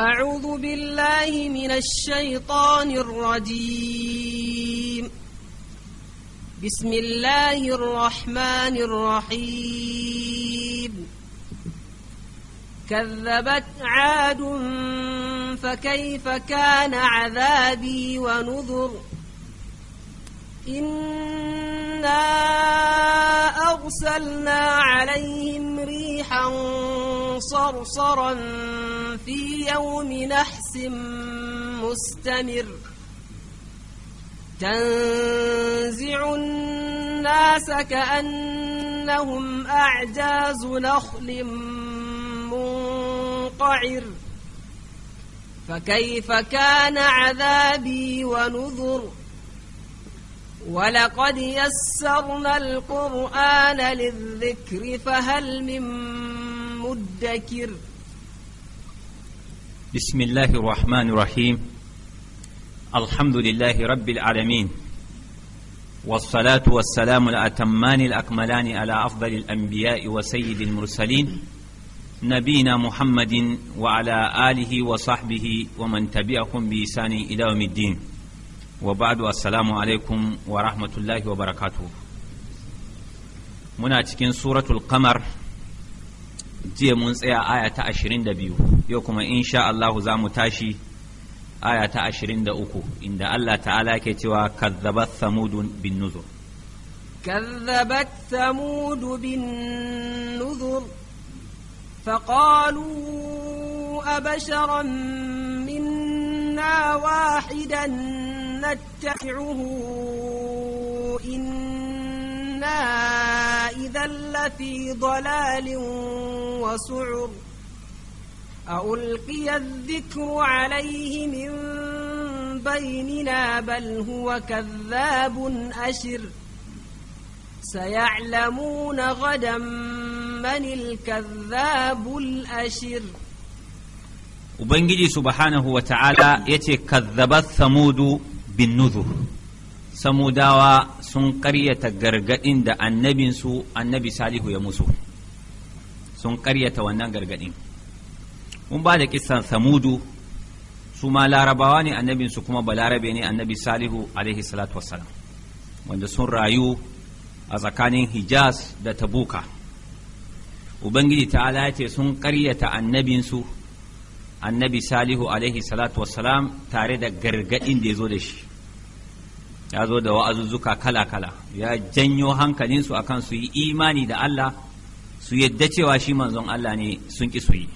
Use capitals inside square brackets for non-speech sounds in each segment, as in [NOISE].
أعوذ بالله من الشيطان الرجيم بسم الله الرحمن الرحيم كذبت عاد فكيف كان عذابي ونذر إنا أرسلنا عليهم ريحا صرصرا في يوم نحس مستمر تنزع الناس كأنهم أعجاز نخل منقعر فكيف كان عذابي ونذر ولقد يسرنا القرآن للذكر فهل من مدكر بسم الله الرحمن الرحيم الحمد لله رب العالمين والصلاة والسلام الأتمان الأكملان على أفضل الأنبياء وسيد المرسلين نبينا محمد وعلى آله وصحبه ومن تبعهم بإسان إلى يوم الدين wa ba'du assalamu alaikum wa rahmatullahi wa barakatu muna cikin suratul kamar jiya mun tsaya aya ta 22 yau kuma insha Allahu za mu tashi aya ta 23 inda Allah ta'ala ke cewa kazzabat samud bin nuzur kazzabat samud bin nuzur فقالوا أبشرا منا واحدا نتبعه إنا إذا لفي ضلال وسعر ألقي الذكر عليه من بيننا بل هو كذاب أشر سيعلمون غدا من الكذاب الأشر Ubangiji subhanahu wa ta'ala ya ce, Kazzabat Samudu bin nuzur samudawa sun karyata gargadin da annabinsu annabi salihu ya musu sun karyata wannan gargadin mun ba da kisan samudu su ma larabawa ne annabinsu kuma balarabe ne annabi salihu alaihi salatu wassalam wanda sun rayu a tsakanin hijaz da tabuka ubangiji ta ce sun karyata annabinsu annabi salihu alaihi salatu wassalam tare da gargadin da ya zo da shi ya zo da wa'azuzzuka kala-kala ya janyo hankalinsu akan su yi imani da Allah su yadda cewa shi manzon Allah ne sun ki su yi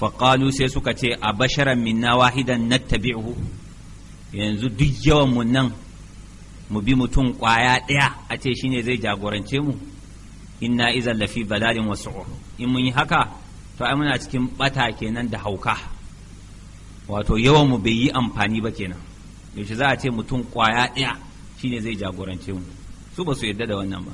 faƙalu sai suka ce a basharan minna wahidan na tabi'uhu yanzu duk yawan mu nan mu bi mutum ƙwaya ɗaya a ce shine zai jagorance mu inna izan lafi balalin wasu in mun yi haka to ai muna cikin bata kenan da hauka wato yawan mu bai yi amfani ba kenan yaushe za a ce mutum kwaya ɗaya shine zai jagorance mu su ba su yarda da wannan ba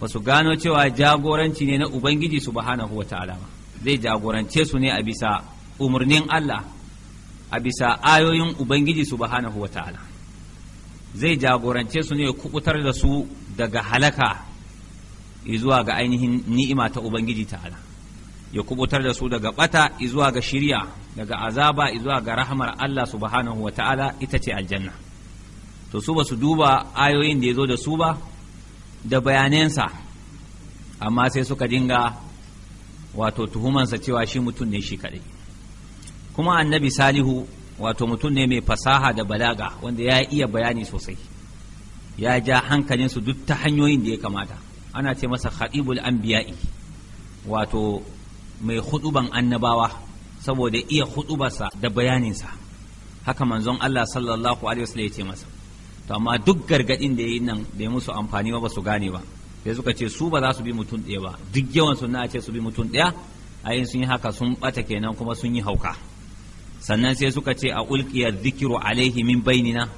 ba su gano cewa jagoranci ne na ubangiji subhanahu wa ta'ala ba zai jagorance su ne a bisa umarnin Allah a bisa ayoyin ubangiji subhanahu wa ta'ala zai jagorance su ne kubutar da su daga halaka zuwa ga ainihin ni'ima ta ubangiji ta'ala ya kubutar da su daga bata zuwa ga shirya daga azaba zuwa ga rahmar Allah subhanahu wa ta'ala ita ce aljanna to su ba su duba ayoyin da ya zo da su ba da bayanansa amma sai suka dinga wato tuhumansa cewa shi mutum ne shi kaɗai kuma annabi salihu wato mutum ne mai fasaha da balaga wanda ya iya bayani sosai ya ja hankalinsu duk ta hanyoyin da ya kamata ana ce masa khatibul anbiya'i wato mai huduban annabawa saboda iya huɗubasa da bayaninsa haka manzon Allah sallallahu alaihi wasallam ya ce masa to amma duk gargadin da yayin nan bai musu amfani ba ba su gane ba sai suka ce su ba za su bi mutum ɗaya ba duk yawan sunna a ce su bi mutum ɗaya ayin sun yi haka sun bata kenan kuma sun yi hauka sannan sai suka ce a ulqiya zikiru alaihi min bainina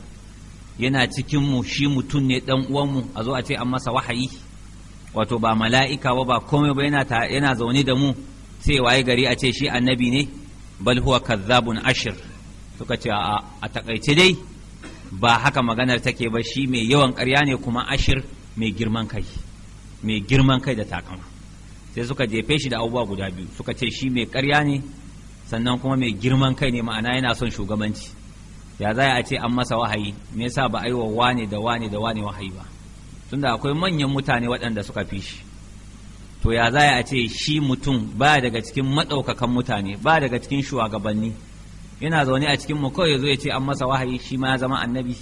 yana cikin mu shi mutum ne dan uwanmu a zo a ce an masa wahayi wato ba mala'ika ba ba komai ba yana zaune da mu sai waye gari a ce shi annabi ne bal huwa kazzabun ashir suka ce a takaice dai ba haka maganar take ba shi mai yawan ƙarya ne kuma ashir mai girman kai mai girman kai da takama sai suka jefe shi da abubuwa guda biyu suka ce shi mai ƙarya ne sannan kuma mai girman kai ne ma'ana yana son shugabanci ya za a ce an masa wahayi me yasa ba a yi wa wane da wane da wane wahayi ba tunda akwai manyan mutane waɗanda suka fi shi to ya za a ce shi mutum ba daga cikin maɗaukakan mutane ba daga cikin shugabanni yana zaune a cikin mu kawai zo ya ce an masa wahayi shi ma ya zama annabi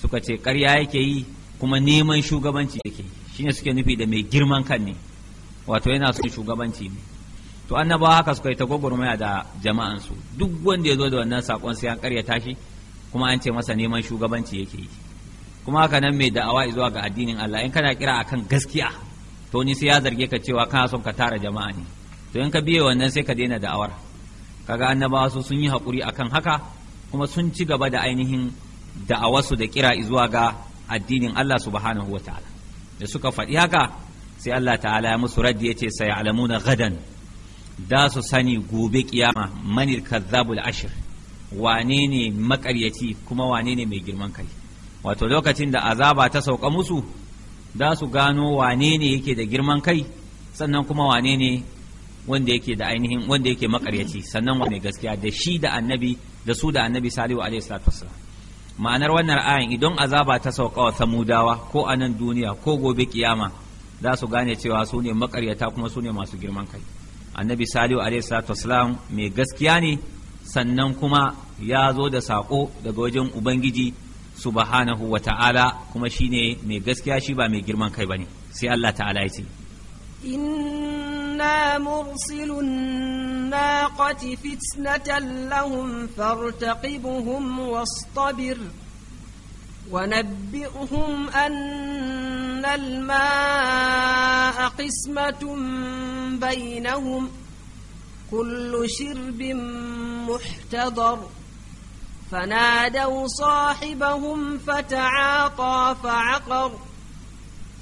suka ce ƙarya yake yi kuma neman shugabanci yake ne suke nufi da mai girman kan ne wato yana son shugabanci ne to annabawa haka suka yi ta gwagwarmaya da jama'ansu duk wanda ya zo da wannan saƙon sai an karyata tashi kuma an ce masa neman shugabanci yake yi kuma haka nan mai da'awa zuwa ga addinin Allah in kana kira akan gaskiya to ni sai ya zarge ka cewa kana son ka tara jama'a ne to in ka biye wannan sai ka daina da'awar kaga annabawa su sun yi hakuri akan haka kuma sun ci gaba da ainihin wasu da kira zuwa ga addinin Allah subhanahu wata'ala da suka faɗi haka sai Allah ta'ala ya musu raddi yace sai alamuna gadan da su sani gobe kiyama manil kazzabul ashir wane ne makaryaci kuma wane ne mai girman kai wato lokacin da azaba ta sauka musu za su gano wane ne yake da girman kai sannan kuma wane ne wanda yake da ainihin wanda yake makaryaci sannan wane gaskiya da shi da annabi da su da annabi salihu alaihi salatu wasallam ma'anar wannan ayin idan azaba ta sauka wa samudawa ko a nan duniya ko gobe kiyama za su gane cewa su ne makaryata kuma su ne masu girman kai annabi salihu alaihi salatu wasallam mai gaskiya ne sannan kuma ya zo da sako daga wajen ubangiji subhanahu wa ta'ala kuma shine mai gaskiya shi ba mai girman kai bane sai Allah ta'ala ya ce inna mursilun naqati fitnatan lahum fartaqibuhum wastabir ونبئهم أن الماء قسمة بينهم kullu shirbin محتضر فنادوا صاحبهم فتعاطى فعقر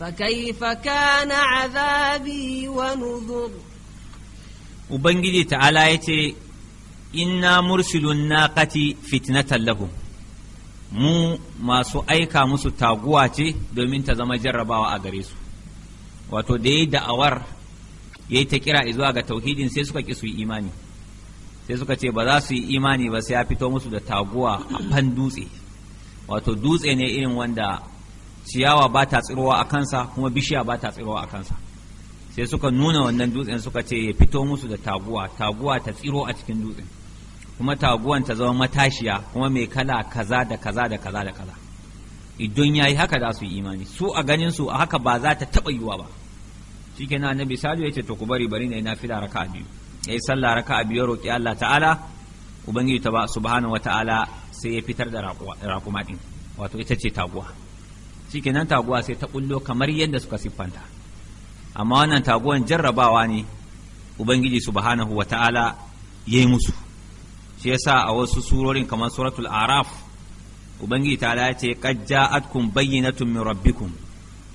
فكيف كان عذابي ونذر وبنجي تعالى يتي إنا مرسل الناقة فتنة لهم mu masu aika musu taguwa ce domin ta zama jarrabawa a gare su wato da ya da'awar ya yi ta ƙira izuwa ga tauhidin sai suka ƙi su yi imani sai suka ce ba za su yi imani ba sai ya fito musu da taguwa a fan dutse wato dutse ne irin wanda ciyawa ba ta tsirowa a kansa kuma bishiya ba ta tsirowa a kansa sai suka nuna wannan dutsen suka ce ya fito musu da taguwa taguwa ta tsiro a cikin dutsen kuma taguwan ta zama matashiya kuma mai kala kaza da kaza da kaza da kaza idan ya yi haka za su yi imani su a ganin su a haka ba za ta taɓa yiwa ba shi kenan annabi salihu ya ce to ku bari bari na yi nafila raka'a biyu yayi sallah a biyar roƙi Allah ta'ala ubangiji ta subhanahu wata'ala sai ya fitar da raƙuma ɗin wato ita ce taguwa shikenan taguwa sai ta ƙullo kamar yadda suka siffanta amma wannan taguwan jarrabawa ne ubangiji subhanahu wata'ala yayi musu shi yasa a wasu surorin kamar suratul araf ubangiji ta ya ce qad ja'atkum bayyinatun min rabbikum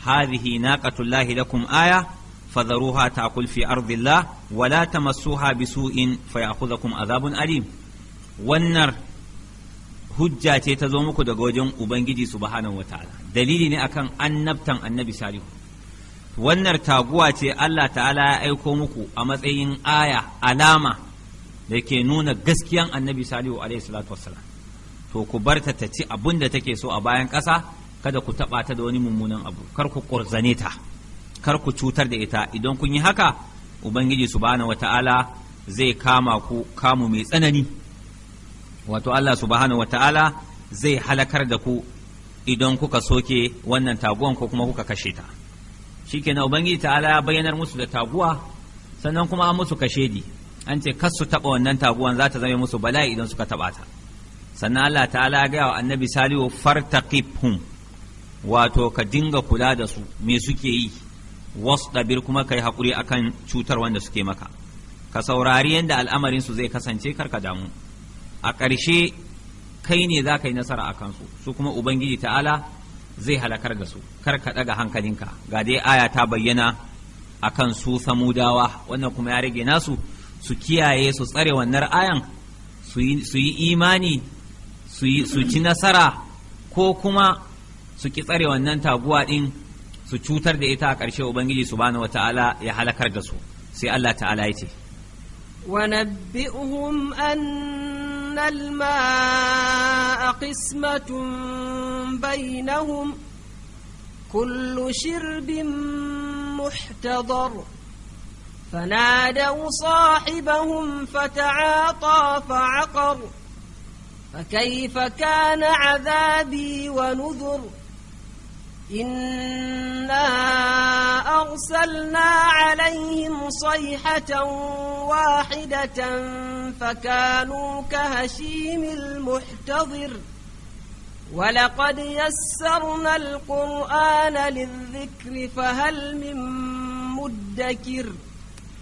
hadhihi naqatullahi lakum aya fadharuha ta'kul fi ardillah wa la tamassuha bisu'in fayakhudhukum azabun Ali. wannan hujja ce ta zo muku daga wajen ubangiji subhanahu wataala dalili ne akan annabtan annabi salihu wannan taguwa ce Allah ta'ala ya aiko muku a matsayin aya alama da ke nuna gaskiyan annabi salihu alaihi to ku barta ta ci abin da take so a bayan ƙasa kada ku taɓa ta da wani mummunan abu kar ku ƙurzane ta kar ku cutar da ita idan kun yi haka ubangiji subhanahu wata'ala zai kama ku kamu mai tsanani wato Allah subhanahu wata'ala zai halakar da ku idan kuka soke wannan taguwan ko kuma kuka kashe ta shikenan ubangiji ta'ala ya bayyanar musu da taguwa sannan kuma an musu di an ce kas su taba wannan taguwan za ta zama musu bala'i idan suka taba ta sannan Allah ta'ala ya wa annabi salihu fartaqibhum wato ka dinga kula da su me suke yi wasdabir kuma kai haƙuri akan cutar wanda suke maka ka saurari yadda al'amarin su zai kasance karka damu a ƙarshe kai ne za ka yi nasara a kansu su kuma ubangiji ta'ala zai halakar da su karka ɗaga hankalinka ga dai aya ta bayyana a kan su samudawa wannan kuma ya rage nasu su kiyaye su tsare wannan ayan su yi imani su ci nasara ko kuma su ki tsare wannan taguwa ɗin su cutar da ita a ƙarshe ubangiji subhanahu wataala ya halakar da su sai Allah ta'ala ya ce ونبئهم أن maa qismatun bainahum kullu shirbin muhtadar فنادوا صاحبهم فتعاطى فعقر فكيف كان عذابي ونذر إنا أرسلنا عليهم صيحة واحدة فكانوا كهشيم المحتضر ولقد يسرنا القرآن للذكر فهل من مدكر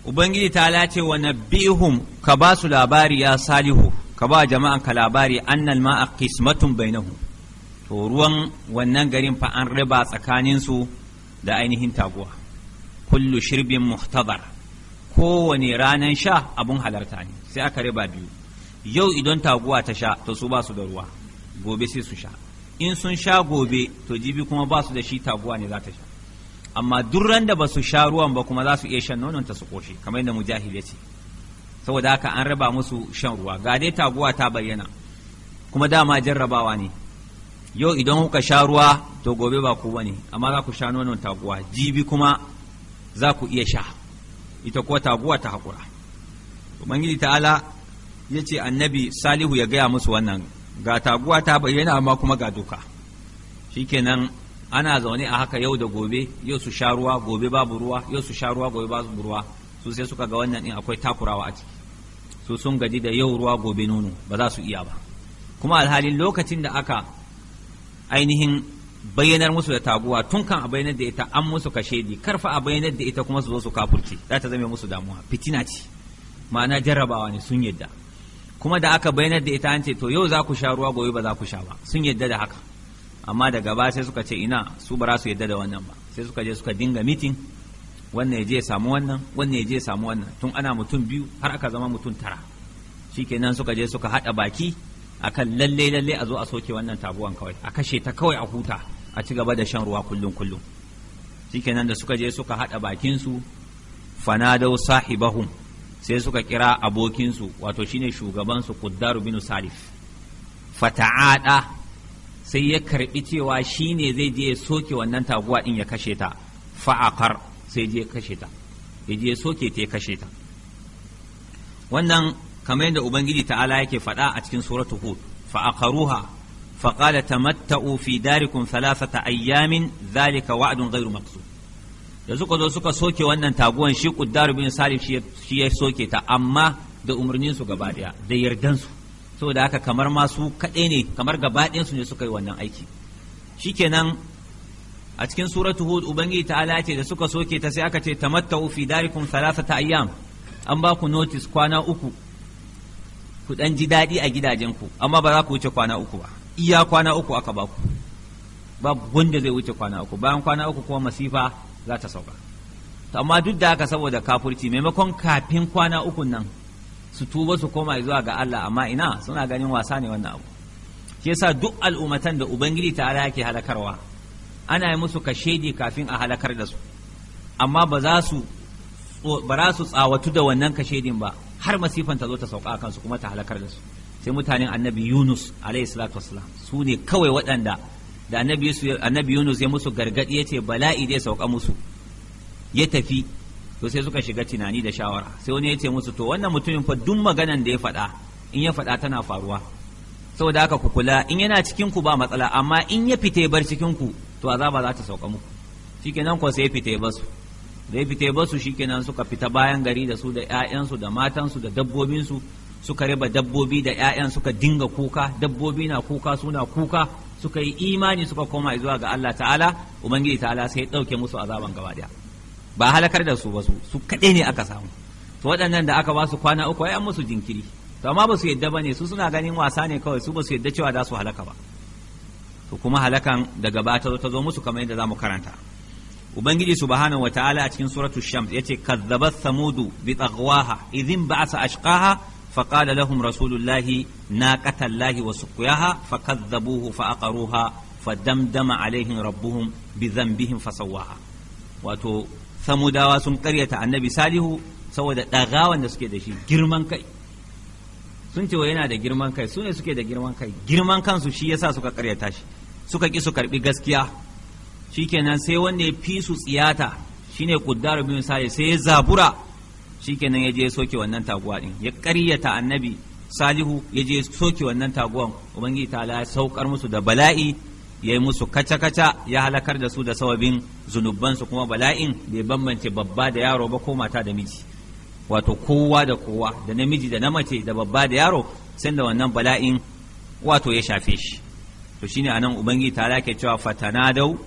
Ubangiji ta lace wa nabbihum ka ba su labari ya salihu ka ba jama'an ka labari annal ma'a qismatun bainahum to ruwan wannan garin fa an riba tsakaninsu da ainihin taguwa kullu shirbin muhtadar kowane ranan sha abun halarta ne sai aka riba biyu yau idan taguwa ta sha to su ba su da ruwa gobe sai su sha in sun sha gobe to jibi kuma ba su da shi taguwa ne za ta sha amma durran da ba su sha ruwan ba kuma za su iya shan nonon ta su koshe kamar yadda mujahid ya ce saboda haka an raba musu shan ruwa ga dai taguwa ta bayyana kuma dama jarrabawa ne yau idan kuka sha ruwa to gobe ba ku bane amma za ku sha nonon taguwa jibi kuma za ku iya sha ita kuwa taguwa ta haƙura ubangiji ta'ala ya ce annabi salihu ya gaya musu wannan ga taguwa ta bayyana amma kuma ga duka kenan ana zaune a haka yau da gobe yau su sha ruwa gobe babu ruwa yau su sha ruwa gobe babu ruwa su sai suka ga wannan din akwai takurawa a ciki su sun gaji da yau ruwa gobe nono ba za su iya ba kuma alhalin lokacin da aka ainihin bayyanar musu da taguwa tun kan a bayyanar da ita an musu kashe di karfa a bayyanar da ita kuma su zo su kafurce za ta zame musu damuwa fitina ce ma'ana jarrabawa ne sun yadda kuma da aka bayyanar da ita an ce to yau za ku sha ruwa gobe ba za ku sha ba sun yadda da haka amma daga ba sai suka ce ina su ba za su yadda da wannan ba sai suka je suka dinga mitin wannan ya je samu wannan wannan ya je samu wannan tun ana mutum biyu har aka zama mutum tara shikenan suka je suka haɗa baki akan lalle lalle a zo a soke wannan tabuwan kawai a kashe ta kawai a huta a ci gaba da shan ruwa kullum kullum shikenan da suka je suka haɗa bakin su fanadau sahibahum sai suka kira abokin su wato shine shugaban su Quddaru bin Salif fata'ada sai ya karbi cewa shine zai je soke wannan tabuwa din ya kashe ta fa'aqar sai je kashe ta ya je soke ta ya kashe ta wannan kamar yadda ubangiji ta'ala yake faɗa a cikin suratu hud fa aqaruha fa qala tamatta'u fi darikum thalathata ayyamin dhalika wa'dun da suka zo suka soke wannan taguwan shi kuddar bin salif shi ya soke ta amma da umarnin su gaba daya da yardan su saboda haka kamar masu kaɗai ne kamar gaba su ne suka yi wannan aiki shikenan a cikin suratu hud ubangiji ta'ala ce da suka soke ta sai aka ce tamatta'u fi darikum thalathata ayyam an ba ku notice kwana uku ku dan ji daɗi a gidajenku amma ba za ku wuce kwana uku ba iya kwana uku aka ba ku ba zai wuce kwana uku bayan kwana uku kuma masifa za ta sauka to amma duk da haka saboda kafurci maimakon kafin kwana uku nan su tuba su koma zuwa ga Allah amma ina suna ganin wasa ne wannan abu shi yasa duk al'ummatan da ubangiji ta ala yake halakarwa ana yi musu kashedi kafin a halakar da su amma ba za su ba za su tsawatu da wannan kashedin ba har masifan ta zo ta sauka a kansu kuma ta halakar da su sai mutanen annabi yunus alayhi salatu su ne kawai waɗanda da annabi yunus ya musu gargadi ya ce bala'i zai sauka musu ya tafi to sai suka shiga tunani da shawara sai wani ya ce musu to wannan mutumin fa duk maganan da ya faɗa in ya faɗa tana faruwa saboda haka ku kula in yana cikin ku ba matsala amma in ya fita bar cikin ku to azaba za ta sauka muku shikenan ko sai ya fita ya basu da ya fita ba su shi shikenan suka fita bayan gari da su da 'ya'yansu da matansu da dabbobinsu suka riba dabbobi da 'ya'yan suka dinga kuka dabbobi na kuka suna kuka suka yi imani suka koma zuwa ga Allah ta'ala ubangiji ta'ala sai ya ɗauke musu azaban gaba daya ba halakar da su ba su su kaɗai ne aka samu to waɗannan da aka ba su kwana uku ya musu jinkiri to amma ba su yadda ba ne su suna ganin wasa ne kawai su ba su yadda cewa za su halaka ba to kuma halakan daga ba ta zo musu kamar yadda za mu karanta ubangiji subhanahu wataala a cikin suratul shams yace kazzabat samudu bi taghwaha idhin ba'atha ashqaha faqala lahum rasulullahi naqatallahi wa suqyaha fakazzabuhu fa'aqaruha fadamdama alaihim rabbuhum bi dhanbihim fasawwaha wato samudawa sun karyata annabi salihu saboda dagawan da suke da shi girman kai sun ce wa yana da girman kai su ne suke da girman kai girman kansu shi yasa suka karyata shi suka ki su karbi gaskiya shikenan sai wanda ya fi su tsiyata shine kuddar bin sale sai ya zabura shikenan ya je ya soke wannan taguwa din ya ƙaryata annabi salihu ya je ya soke wannan taguwan ubangiji ta ya saukar musu da bala'i ya yi musu kaca-kaca ya halakar da su da sababin zunubansu kuma bala'in bai bambance babba da yaro ba ko mata da miji wato kowa da kowa da namiji da na mace da babba da yaro sai da wannan bala'in wato ya shafe shi to shine anan ubangiji ta ke cewa fatanadau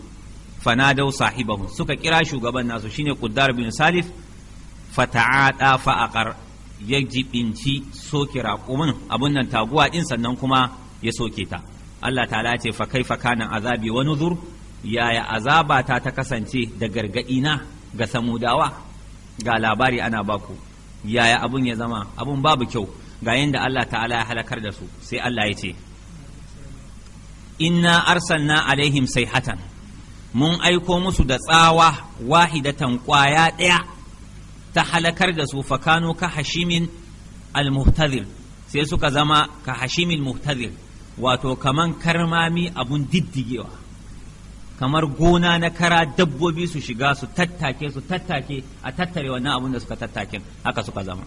fanadau sahibahu suka kira shugaban nasu shine Quddar bin Salif fata'ada fa'aqar ya jibinci soke raƙumin abun nan taguwa ɗin sannan kuma ya soke ta Allah ta'ala ce fa kaifa kana azabi wa nuzur yaya azaba ta ta kasance da gargaɗi na ga samudawa ga labari ana baku yaya abun ya zama abun babu kyau ga yadda Allah ta'ala ya halakar da su sai Allah ya ce inna arsalna alaihim hatan. mun aiko musu da tsawa wahidatan kwaya ɗaya ta halakar da su fakano ka hashimin almuhtadir sai suka zama ka hashimin muhtadir wato kamar karmami abun diddigewa kamar gona na kara dabbobi su shiga su tattake su tattake a tattare wannan abun da suka tattake haka suka zama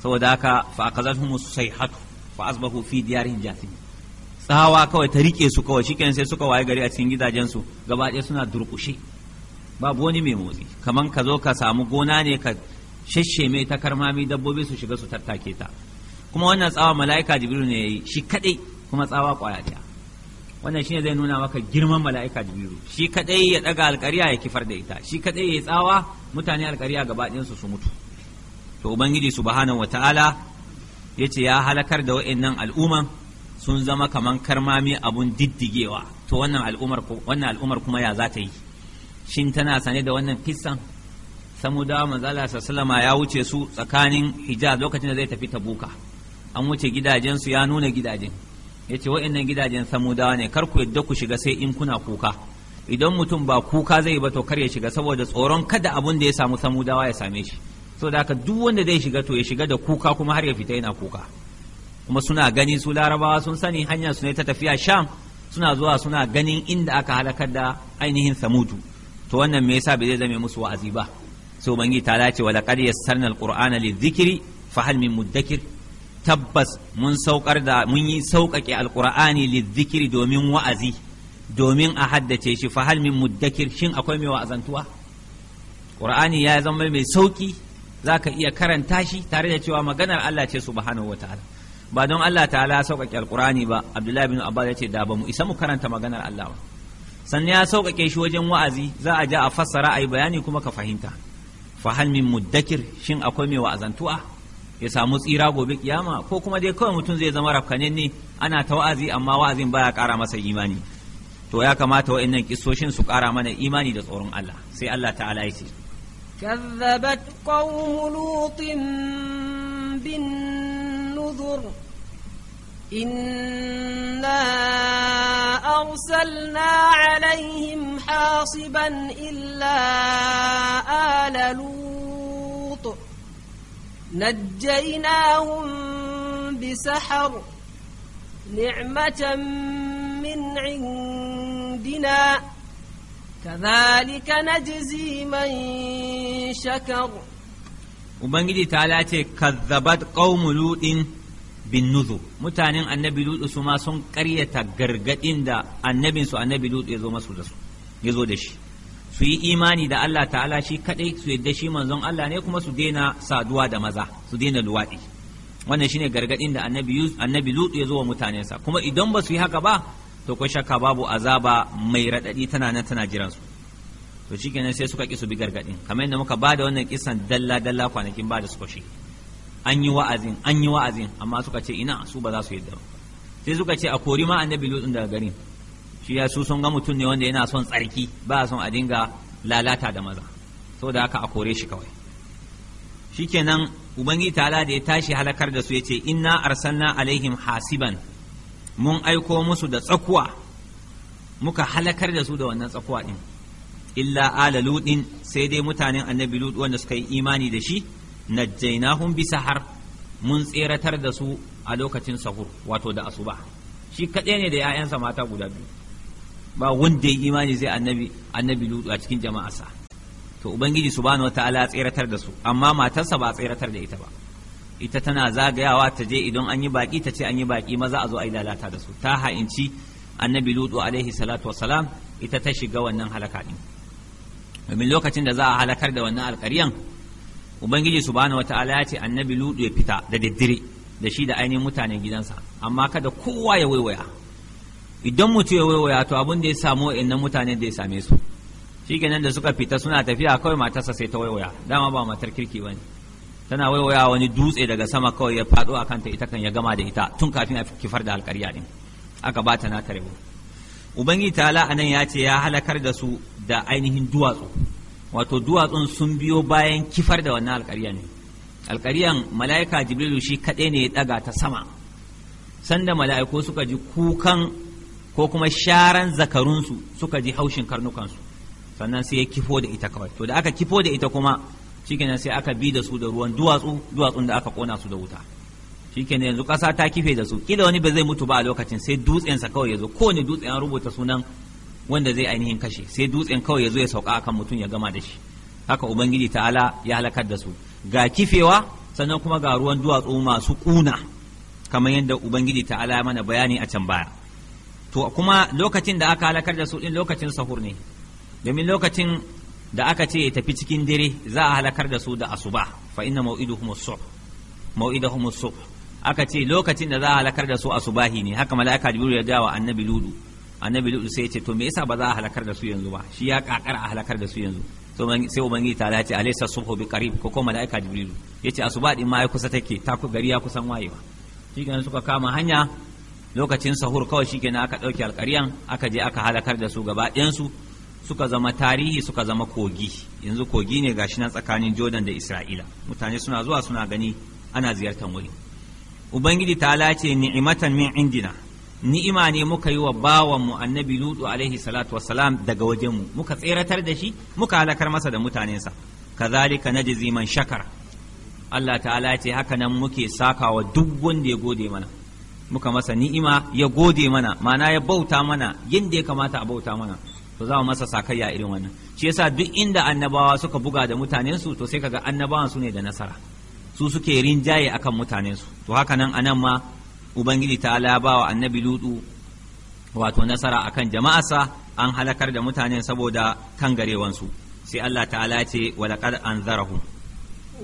saboda haka fa sai sayhatu fa asbahu fi diyarin jathimin tsawa kawai ta rike su kawai shikenan sai suka waye gari a cikin gidajensu gaba ɗaya suna durƙushe babu wani mai motsi kamar ka zo ka samu gona ne ka shashsheme ta karmami dabbobi su shiga su tattake ta kuma wannan tsawa mala'ika jibril ne yayi shi kadai kuma tsawa kwaya ɗaya wannan shine zai nuna maka girman mala'ika jibril shi kadai ya ɗaga alƙarya ya kifar da ita shi kadai ya tsawa mutane alƙarya gaba ɗayansu su mutu to ubangiji subhanahu wataala yace ya halakar da wa'annan al'umman sun zama kaman karmami abun diddigewa to wannan al'umar wannan al'umar kuma ya za ta yi shin tana sane da wannan kissan samudawa manzala sallama ya wuce su tsakanin hijaz lokacin da zai tafi tabuka an wuce gidajensu ya nuna gidajen ya ce wa'annan gidajen samudawa ne kar ku yadda ku shiga sai in kuna kuka idan mutum ba kuka zai ba to kar ya shiga saboda tsoron kada abun da ya samu samudawa ya same shi so da haka duk wanda zai shiga to ya shiga da kuka kuma har ya fita yana kuka kuma suna gani su larabawa sun sani hanyar su ne ta tafiya sham suna zuwa suna ganin inda aka halakar da ainihin samutu to wannan me yasa bai zai zame musu wa'azi ba sai ubangi ta lace wala qad yassarna alqur'ana lidhikri fa hal min muddakir tabbas mun saukar da mun yi saukake alqur'ani lidhikri domin wa'azi domin a haddace shi fa hal min muddakir shin akwai mai wa'azantuwa qur'ani ya zama mai sauki zaka iya karanta shi tare da cewa maganar Allah ce subhanahu wataala ba don Allah ta'ala ya sauƙaƙe alƙur'ani ba Abdullahi bin Abbas ya ce da ba mu isa mu karanta maganar Allah ba sannan ya sauƙaƙe shi wajen wa'azi za a ja a fassara a yi bayani kuma ka fahimta fahal min muddakir shin akwai mai wa'azantuwa ya samu tsira gobe kiyama ko kuma dai kawai mutum zai zama rafkanin ne ana ta wa'azi amma wa'azin baya ƙara masa imani to ya kamata wa'annan kisoshin su ƙara mana imani da tsoron Allah sai Allah ta'ala ya ce كذبت قوم لوط بالنذر إنا أرسلنا عليهم حاصبا إلا آل لوط نجيناهم بسحر نعمة من عندنا كذلك نجزي من شكر وبنجي تعالى كذبت قوم لوط bin nuzu mutanen annabi lutu su ma sun karyata gargadin da annabin su annabi lutu ya zo masu da su zo da shi su yi imani da Allah ta'ala shi kadai su yadda shi manzon Allah ne kuma su daina saduwa da maza su daina luwaɗi wannan shine gargadin da annabi annabi lutu ya zo wa mutanensa kuma idan ba su yi haka ba to ko shakka babu azaba mai radadi tana nan tana jiran su to shikenan sai suka ki su bi gargadin kamar yadda muka bada wannan kisan dalla dalla kwanakin ba da suka shi an yi wa'azin an yi wa'azin amma suka ce ina su ba za su yadda ba sai suka ce a kori ma annabi lutsun daga garin shi ya su sun ga mutum ne wanda yana son tsarki ba son a dinga lalata da maza saboda haka a kore shi kawai shikenan ubangiji ta'ala da ya tashi halakar da su yace inna arsalna alaihim hasiban mun aiko musu da tsakuwa muka halakar da su da wannan tsakuwa din illa ala sai dai mutanen annabi lut wanda suka yi imani da shi najjainahum bi sahar mun tseratar da su a lokacin sahur wato da asuba shi kaɗai ne da 'ya'yansa mata guda biyu ba wanda ya imani zai annabi annabi a cikin jama'arsa to ubangiji subhanahu wataala ya tseratar da su amma matarsa ba a tseratar da ita ba ita tana zagayawa ta je idan an yi baki ta ce an yi baki maza a zo a yi lalata da su ta ha'inci annabi lutu alaihi salatu wassalam ita ta shiga wannan halaka din domin lokacin da za a halakar da wannan alkariyan ubangiji wata ala ya ce annabi ludu ya fita da daddare da shi da ainihin mutanen gidansa amma kada kowa ya waiwaya idan mutum ya waiwaya to abin da ya samu innan mutanen da ya same su shikenan da suka fita suna tafiya kawai matarsa sai ta waiwaya dama ba matar kirki ba ne tana waiwaya wani dutse daga sama kawai ya faɗo a kanta ita kan ya gama da ita tun kafin a kifar da alƙarya din aka ba ta nata rabo ubangiji ala anan ya ce ya halakar da su da ainihin duwatsu wato duwatsun sun biyo bayan kifar da wannan alƙarya ne alƙaryan mala'ika jibrilu shi kaɗai ne ya ɗaga ta sama sanda mala'iku suka ji kukan ko kuma sharan zakarunsu suka ji haushin karnukansu sannan sai ya kifo da ita kawai to da aka kifo da ita kuma shikenan sai aka bi da su da ruwan duwatsu duwatsun da aka kona su da wuta shikenan yanzu ƙasa ta kife da su kila wani ba zai mutu ba a lokacin sai dutsensa kawai ya zo kowane dutse an rubuta sunan wanda zai ainihin kashe sai dutsen kawai ya zo ya sauka akan mutum ya gama da shi haka ubangiji ta'ala ya halakar da su ga kifewa sannan kuma ga ruwan duwatsu masu kuna kamar yadda ubangiji ta'ala ya mana bayani a can baya to kuma lokacin da aka halakar da su din lokacin sahur ne domin lokacin da aka ce ya tafi cikin dare za a halakar da su da asuba fa inna mau'iduhum as-subh mau'iduhum as-subh aka ce lokacin da za a halakar da su asubahi ne haka mala'ika jibril ya ga wa annabi ludu annabi lutu sai ya ce to me yasa ba za a halakar da su yanzu ba shi ya kakar a halakar da su yanzu to sai ubangiji ta ce alaysa subhu bi qarib ko kuma malaika jibrilu yace asuba din ma ya kusa take ta ku gari ya kusan wayewa shikenan suka kama hanya lokacin sahur kawai shi kenan aka dauke alƙaryan aka je aka halakar da su gaba ɗayan su suka zama tarihi suka zama kogi yanzu kogi ne gashi nan tsakanin Jordan da Isra'ila mutane suna zuwa suna gani ana ziyartar wuri ubangiji ta ce ni'imatan min indina ni'ima ne muka yi wa bawan mu annabi lutu alaihi salatu wassalam daga wajenmu muka tseratar da shi muka halakar masa da mutanensa kazalika najzi man shakara Allah ta'ala ya ce haka nan muke sakawa duk wanda ya gode mana muka masa ni'ima ya gode mana ma'ana ya bauta mana yadda ya kamata a bauta mana to za mu masa sakayya irin wannan shi yasa duk inda annabawa suka buga da mutanensu to sai kaga annabawan su ne da nasara su suke rinjaye akan mutanensu to haka nan anan ma ubangiji ta ba annabi lutu wato nasara akan jama'arsa an halakar da mutanen saboda kangarewansu sai Allah ta'ala ce walaqad anzarahum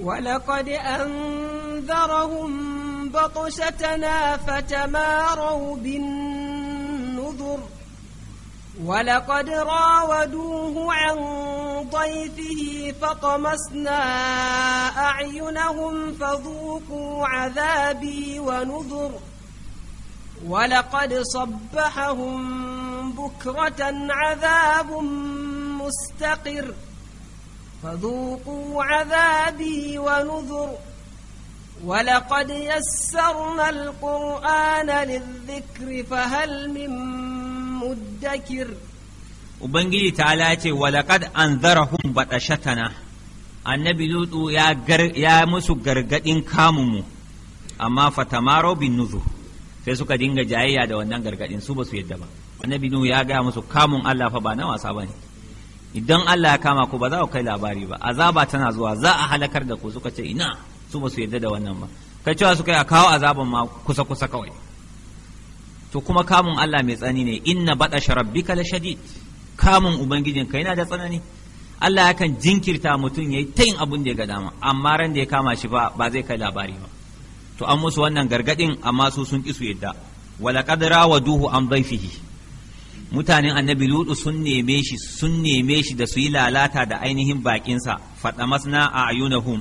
walaqad anzarahum batshatana fatamaru bin nuzur ولقد راودوه عن ضيفه فطمسنا أعينهم فذوقوا عذابي ونذر ولقد صبحهم بكرة عذاب مستقر فذوقوا عذابي ونذر ولقد يسرنا القرآن للذكر فهل من مدكر Ubangiji ta ce walaƙad an zarahun baɗashatana annabi lutsu ya musu gargaɗin kamunmu amma fatamaro bin nuzu sai suka dinga jayayya da wannan gargadin su ba su yadda ba annabi nuhu ya gaya musu kamun Allah fa ba na wasa bane idan Allah ya kama ku ba za ku kai labari ba azaba tana zuwa za a halakar da ku suka ce ina su ba su yadda da wannan ba kai cewa suka yi a kawo azaban ma kusa kusa kawai to kuma kamun Allah mai tsani ne inna baɗa rabbika la shadid kamun ubangijin kai yana da tsanani Allah yakan jinkirta mutum yayi tayin abun da ya ga dama amma ran da ya kama shi ba ba zai kai labari ba to an musu wannan gargadin amma su sun ƙi su yadda wa duhu an baifihi. mutanen annabi lutu sun neme shi sun neme shi da su yi lalata da ainihin bakinsa masna a ayunahum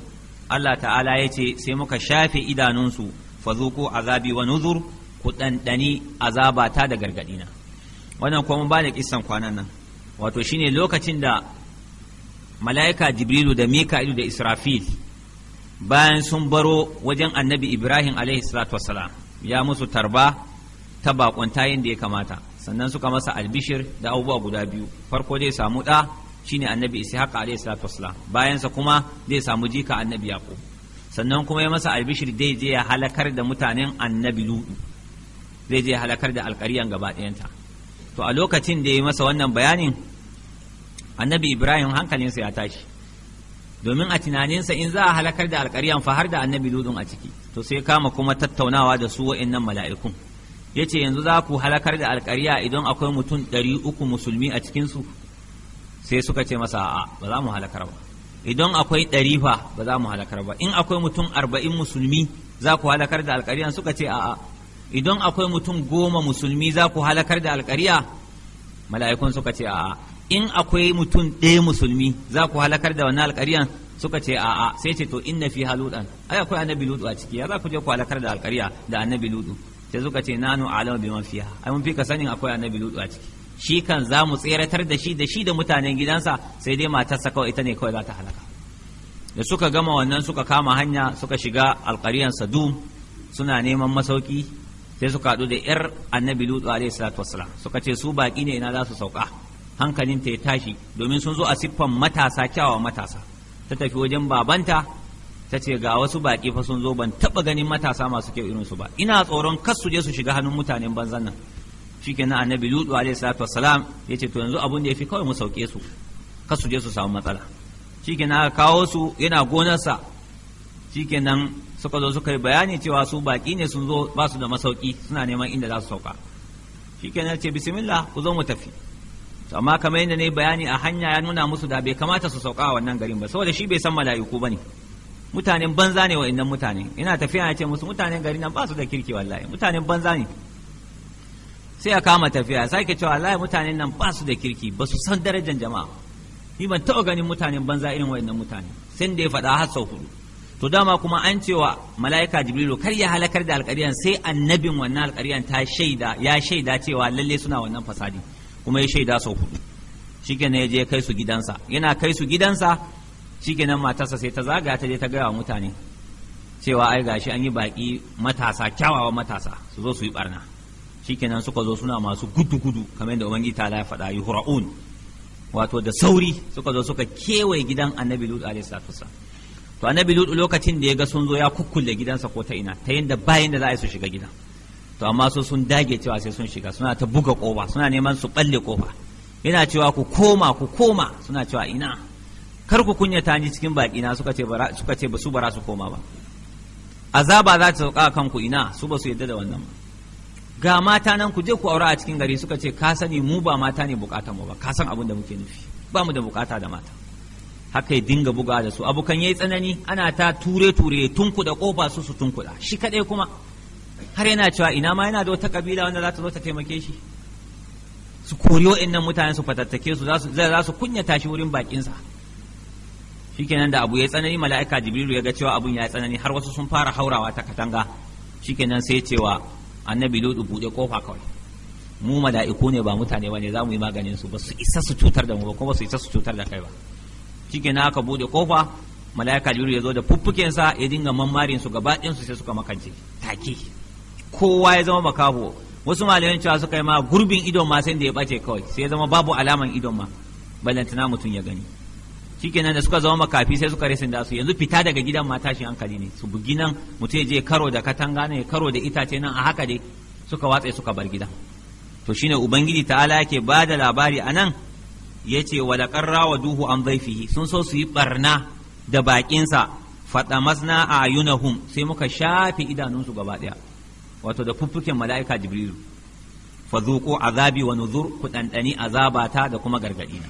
Allah ta'ala ya ce sai muka shafe idanunsu fazuku azabi wa nuzur ku ɗanɗani azabata da gargaɗina wannan kuma ba da kissan kwanan nan wato shine lokacin da mala'ika jibrilu da mika'ilu da israfil bayan sun baro wajen annabi ibrahim alaihi salatu wassalam ya musu tarba ta bakonta yadda ya kamata sannan suka masa albishir da abubuwa guda biyu farko zai samu ɗa shine annabi ishaq alaihi salatu wassalam bayansa kuma zai samu jika annabi yaqub sannan kuma ya masa albishir zai je ya halakar da mutanen annabi ludu zai je ya halakar da alkariyan gaba ɗayanta to a lokacin da ya masa wannan bayanin annabi ibrahim hankalinsa ya tashi domin a tunaninsa in za a halakar da alkariyan fa har da annabi ludun a ciki to sai kama kuma tattaunawa da su wa'annan mala'ikun ya ce yanzu za ku halakar da alkariya idan akwai mutum ɗari uku musulmi a cikinsu sai suka ce masa a'a ba za mu halakar ba idan akwai ɗari fa ba za mu halakar ba in akwai mutum arba'in musulmi za ku halakar da alƙaryan suka ce a'a idan akwai mutum goma musulmi za ku halakar da alkariya mala'ikun suka ce a'a in akwai mutum ɗaya musulmi za ku halakar da wannan alƙaryan suka ce a'a sai ce to inna fi haludan ai akwai annabi ludu a ciki ya za ku je ku halakar da alƙarya da annabi ludu sai suka ce nanu alama bi man fiha ai mun fi ka sanin akwai annabi ludu a ciki shi kan za mu tseratar da shi da shi da mutanen gidansa sai dai matarsa kawai ita ne kawai za ta halaka da suka gama wannan suka kama hanya suka shiga alƙaryan sadum suna neman masauki sai suka haɗu da 'yar annabi ludu alaihi salatu wassalam suka ce su baƙi ne ina za su sauka hankalinta ya tashi domin sun zo a siffan matasa kyawa matasa ta tafi wajen babanta ta ce ga wasu baƙi fa sun zo ban taɓa ganin matasa masu kyau irinsu ba ina tsoron kas su je su shiga hannun mutanen banzan nan nan annabi lutu alaihi salatu wassalam ce to yanzu abun da fi kawai mu sauke su kas su je su samu matsala ke nan kawo su yana gonarsa nan suka zo suka yi bayani cewa su baƙi ne sun zo ba su da masauki suna neman inda za su sauka nan ce bismillah ku zo mu tafi amma kamar yadda ne bayani a hanya ya nuna musu da bai kamata su sauka wannan garin ba saboda shi bai san mala'iku bane mutanen banza ne wa'annan mutane ina tafiya ya ce musu mutanen garin nan ba su da kirki wallahi mutanen banza ne sai ya kama tafiya sake cewa wallahi mutanen nan ba su da kirki ba su san darajar jama'a ni ban taɓa ganin mutanen banza irin wa'annan mutane sai da ya faɗa har sau hudu to dama kuma an cewa mala'ika jibrilu kar ya halakar da alƙaryan sai annabin wannan alƙaryan ta shaida ya shaida cewa lalle suna wannan fasadin kuma ya shaida sau hudu shikenan ya je kai su gidansa yana kai su gidansa nan matarsa sai ta zaga ta je ta gaya wa mutane cewa ai gashi an yi baki matasa kyawawa matasa su zo su yi barna nan suka zo suna masu gudu gudu kamar yadda ubangi ta la faɗa yi hura'un wato da sauri suka zo suka kewaye gidan annabi lut alaihi salatu to annabi lut lokacin da ya ga sun zo ya kukkulle gidansa ko ta ina ta yanda bayan da za a yi su shiga gidan to amma su sun dage cewa sai sun shiga suna ta buga kofa suna neman su balle kofa yana cewa ku koma ku koma suna cewa ina kar ku kunyata ni cikin baki na suka ce suka ce ba su bara su koma ba azaba za ta sauka ku ina su ba su yadda da wannan ba ga mata nan ku je ku aura a cikin gari suka ce ka sani mu ba mata ne bukatan mu ba ka san abin da muke nufi ba mu da bukata da mata haka ya dinga buga da su abokan yayi tsanani ana ta ture ture da kofa su su tunkuda shi kadai kuma har yana cewa ina ma yana da wata kabila wanda za ta zo ta taimake shi su koriyo nan mutane su fatattake su za su kunyata shi wurin bakinsa kenan da abu ya tsanani mala'ika jibrilu ya ga cewa abun ya tsanani har wasu sun fara haurawa ta katanga kenan sai cewa annabi lutu buɗe kofa kawai mu mala'iku ne ba mutane ba ne za mu yi maganin su ba su isa su cutar da mu ba kuma su isa su cutar da kai ba kenan aka buɗe kofa mala'ika jibrilu ya zo da fuffukensa ya dinga mammarin su gaba su sai suka makance take kowa ya zama makaho wasu malayan cewa suka yi ma gurbin idon ma sai da ya bace kawai sai ya zama babu alaman idon ma balantana mutum ya gani shikenan da suka zama makafi sai suka rasa da su yanzu fita daga gidan ma tashi hankali ne su bugi nan mutum ya je karo da katanga ne karo da itace nan a haka dai suka watsa suka bar gida. to shine ubangiji ta'ala yake ba da labari a nan ya ce wa duhu an zaifihi sun so su yi ɓarna da baƙinsa faɗa masna a ayunahum sai muka shafe idanunsu gaba ɗaya wato da fuffuken mala'ika jibrilu fa zuqu azabi wa nuzur ku dandani azabata da kuma gargadi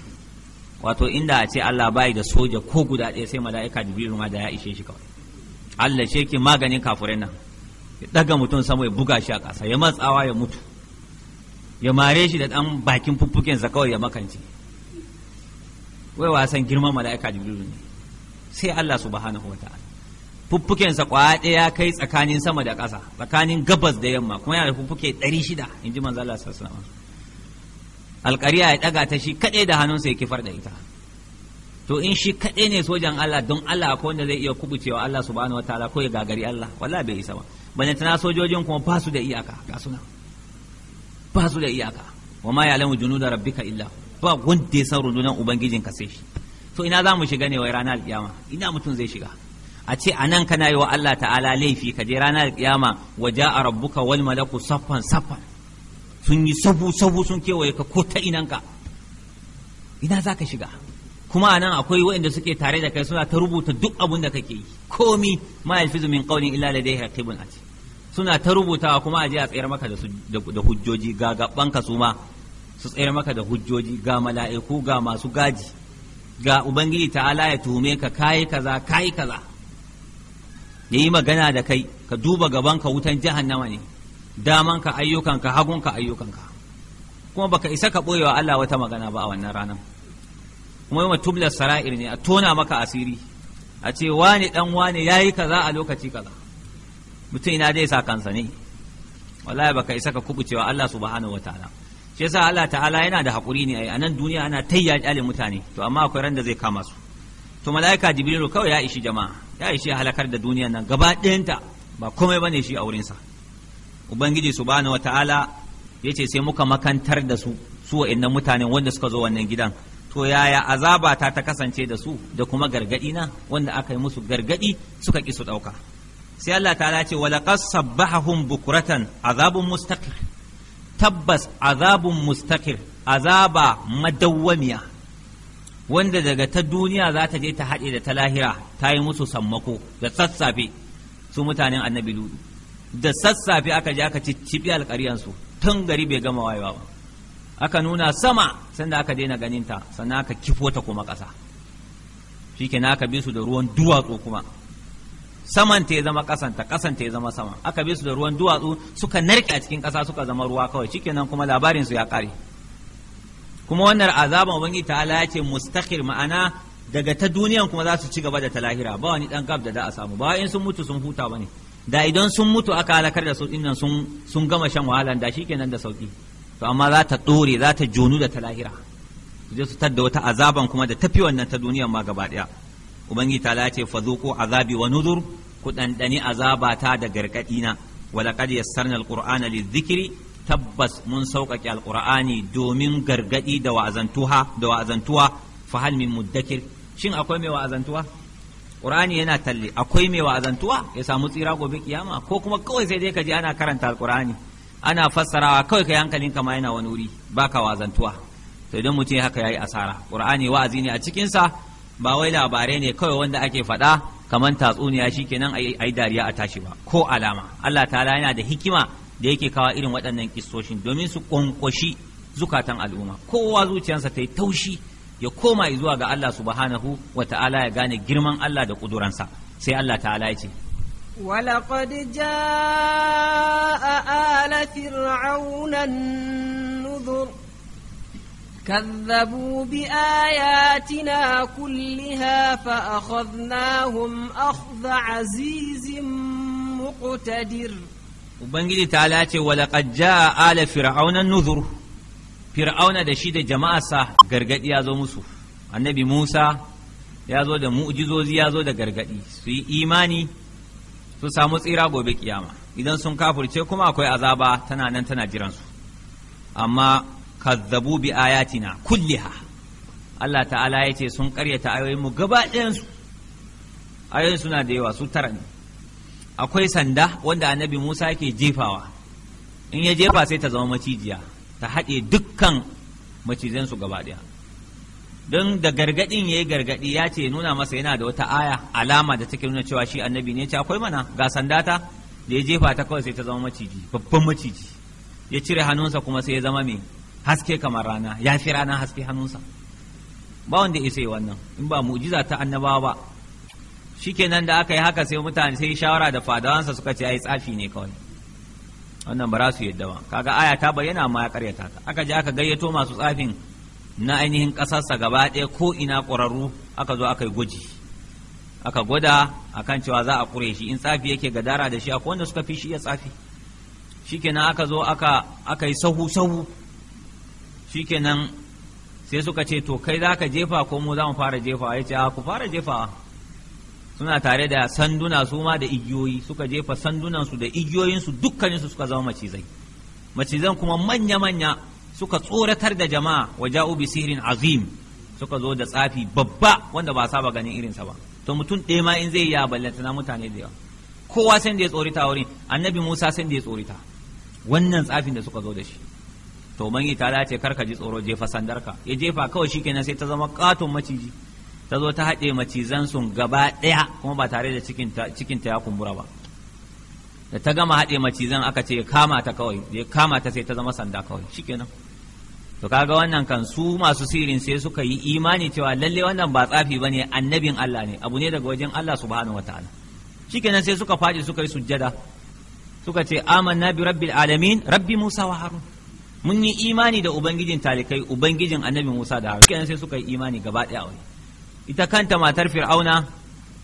wato inda a ce Allah bai da soja ko guda ɗaya sai mala'ika jibrilu ma da ya ishe shi kawai Allah shi yake maganin kafurai nan ya ɗaga mutum sama ya buga shi a ƙasa ya matsawa ya mutu ya mare shi da ɗan bakin sa kawai ya makance wai wasan girman mala'ika jibrilu ne sai Allah subhanahu wa ta'ala fuffukensa kwaɗe ya kai tsakanin sama da ƙasa tsakanin gabas da yamma kuma yana da fuffuke ɗari shida in ji manzala alƙariya ya ɗaga ta shi kaɗai da hannunsa ya kifar da ita to in shi kaɗai ne sojan Allah don Allah ko wanda zai iya kubucewa Allah subhanahu ta'ala ko ya gagari Allah wallahi bai isa ba bane tana sojojin kuma ba su da iyaka ga suna ba su da iyaka wa ma ya'lamu junuda rabbika illa ba wanda ya san rundunar ubangijinka sai shi to ina za mu shiga ne wai rana alƙiyama ina mutum zai shiga a ce a nan kana yi wa Allah ta'ala laifi ka je ranar kiyama wa a rabbuka wal malaku saffan saffan sun yi sabu sabu sun kewaye ka ko ta inanka ina za ka shiga kuma a nan akwai waɗanda suke tare da kai suna ta rubuta duk abin da kake yi komi ma yalfizu min qawlin illa ladayhi raqibun ati suna ta rubutawa kuma a je a tsayar maka da hujjoji ga gabanka su ma su tsayar maka da hujjoji ga mala'iku ga masu gaji ga ubangiji ta'ala ya tuhume ka kayi kaza kayi kaza ya yi magana da kai ka duba gaban ka wutan jahannama ne damanka ayyukanka hagunka ayyukanka kuma baka isa ka ɓoyewa Allah wata magana ba a wannan ranar kuma yi tublar sara'ir ne a tona maka asiri a ce wane dan wane ya yi kaza a lokaci kaza mutum ina dai sa kansa ne wallahi baka isa ka kubucewa Allah subhanahu wataala shi yasa Allah ta'ala yana da hakuri ne a nan duniya ana tayya kyale mutane to amma akwai randa zai kama su to mala'ika jibrilu kawai ya ishi jama'a ya ishi halakar da duniyan nan gaba ɗayanta ba komai bane shi a wurinsa ubangiji subhanahu wataala yace sai muka makantar da su su wa'annan mutanen wanda suka zo wannan gidan to yaya azaba ta ta kasance da su da kuma gargadi na wanda aka yi musu gargadi suka ki su ɗauka sai Allah ta ce walaqad sabbahum bukratan azabun mustaqir tabbas azabun mustaqir azaba madawwamiya wanda daga ta duniya za ta je ta haɗe da ta lahira ta yi musu sammako da sassafe su mutanen annabi ludu da sassafe aka je aka cicciɓi alƙaryansu tun gari bai gama wayewa ba aka nuna sama sanda aka daina ganinta sannan aka kifo ta kuma ƙasa shi ke aka bi su da ruwan duwatsu kuma saman ta ya zama ƙasanta ƙasan ta ya zama sama aka bi su da ruwan duwatsu suka narke a cikin ƙasa suka zama ruwa kawai shikenan kuma labarinsu ya ƙare kuma wannan azaban ubangi ta'ala ya ce mustaqir ma'ana daga ta duniyan kuma za su ci gaba da ta lahira ba wani dan gab da za a samu ba in sun mutu sun huta bane da idan sun mutu aka halakar da su dinnan sun sun gama shan wahala da shikenan da sauki to amma za ta dore za ta junu da ta lahira je su tadda wata azaban kuma da tafi wannan ta duniyan ma gaba daya ubangi ta ce fa ko azabi wa nuzur ku dandani azabata da gargadi na ولقد يسرنا القرآن للذكر tabbas mun sauƙaƙe alƙur'ani domin gargaɗi da wa'azantuwa da wa'azantuwa fa hal min muddakir shin akwai mai wa'azantuwa ƙur'ani yana talle akwai mai wa'azantuwa ya samu tsira gobe kiyama ko kuma kawai sai dai ka je ana karanta alƙur'ani ana fassarawa kawai kai hankalinka kama yana wani wuri ka wa'azantuwa to idan mutum haka yayi asara ƙur'ani wa'azi ne a cikinsa ba wai labarai ne kawai wanda ake faɗa kamar tatsuniya shi kenan a yi dariya a tashi ba ko alama Allah ta'ala yana da hikima da yake kawo irin waɗannan kissoshin domin su ƙwanƙwashi zukatan al'umma kowa zuciyarsa ta yi taushi ya koma zuwa ga Allah subhanahu wa ta'ala ya gane girman Allah da ƙuduransa sai Allah ta'ala ya ce ولقد جاء آل فرعون النذر كذبوا بآياتنا كلها فأخذناهم أخذ عزيز مقتدر ubangiji ta ce wa laqad a ala fir'auna nuzur fir'auna da shi da jama'arsa gargaɗi ya zo musu annabi Musa ya zo da mu'jizozi ya zo da gargaɗi su yi imani su samu tsira gobe kiyama idan sun kafurce kuma akwai azaba tana nan tana jiransu amma kazzabu bi ayatina kulliha Allah ta'ala ya ce sun karyata ayoyinmu gaba ɗayansu ayoyin suna da yawa su tara ne akwai sanda wanda annabi musa yake jefawa in ya jefa sai ta zama macijiya ta haɗe dukkan macizansu gaba ɗaya don da gargaɗin ya yi gargaɗi ya ce nuna masa yana da wata aya alama da take nuna cewa shi annabi ne ce akwai mana ga sandata da ya jefa ta kawai sai ta zama maciji babban maciji ya cire hannunsa kuma sai ya zama mai haske kamar rana ya fi rana haske hannunsa ba wanda ya sai wannan in ba mu'jiza ta annabawa ba shikenan da aka yi haka sai mutane sai shawara da fadawansa suka ce ai tsafi ne kawai wannan ba za su yadda ba kaga aya ta bayyana amma ya karyata ta aka je aka gayyato masu tsafin na ainihin kasarsa gaba ɗaya ko ina ƙwararru aka zo aka yi gwaji aka gwada akan cewa za a ƙure shi in tsafi yake gadara da shi akwai wanda suka fi shi ya tsafi shikenan aka zo aka yi sahu sahu shikenan sai suka ce to kai za ka jefa ko mu za mu fara jefa ya ce a ku fara jefa suna tare da sanduna su ma da igiyoyi suka jefa sandunansu da igiyoyinsu dukkaninsu suka zama macizai macizan kuma manya-manya suka tsoratar da jama'a waje ubi bi azim suka zo da tsafi babba wanda ba saba ganin irinsa ba to mutum ɗaya ma in zai yi ballanta na mutane da yawa kowa sai da ya tsorita wurin annabi musa sai da ya tsorita wannan tsafin da suka zo da shi to bangi ta dace karka ji tsoro jefa sandarka ya jefa kawai shikenan sai ta zama katon maciji ta zo ta haɗe macizan sun gaba ɗaya kuma ba tare da cikinta ya kumbura ba da ta gama haɗe macizan aka ce kama ta kawai ya kama ta sai ta zama sanda kawai shikenan to kaga wannan kan su masu sirin sai suka yi imani cewa lalle wannan ba tsafi ba ne annabin Allah ne abu ne daga wajen Allah subhanahu wataala shikenan sai suka faɗi suka yi sujjada suka ce amanna bi rabbil alamin rabbi Musa wa Harun mun yi imani da ubangijin talikai ubangijin annabi Musa da Harun shikenan sai suka yi imani gaba ɗaya wani ita kanta matar fir'auna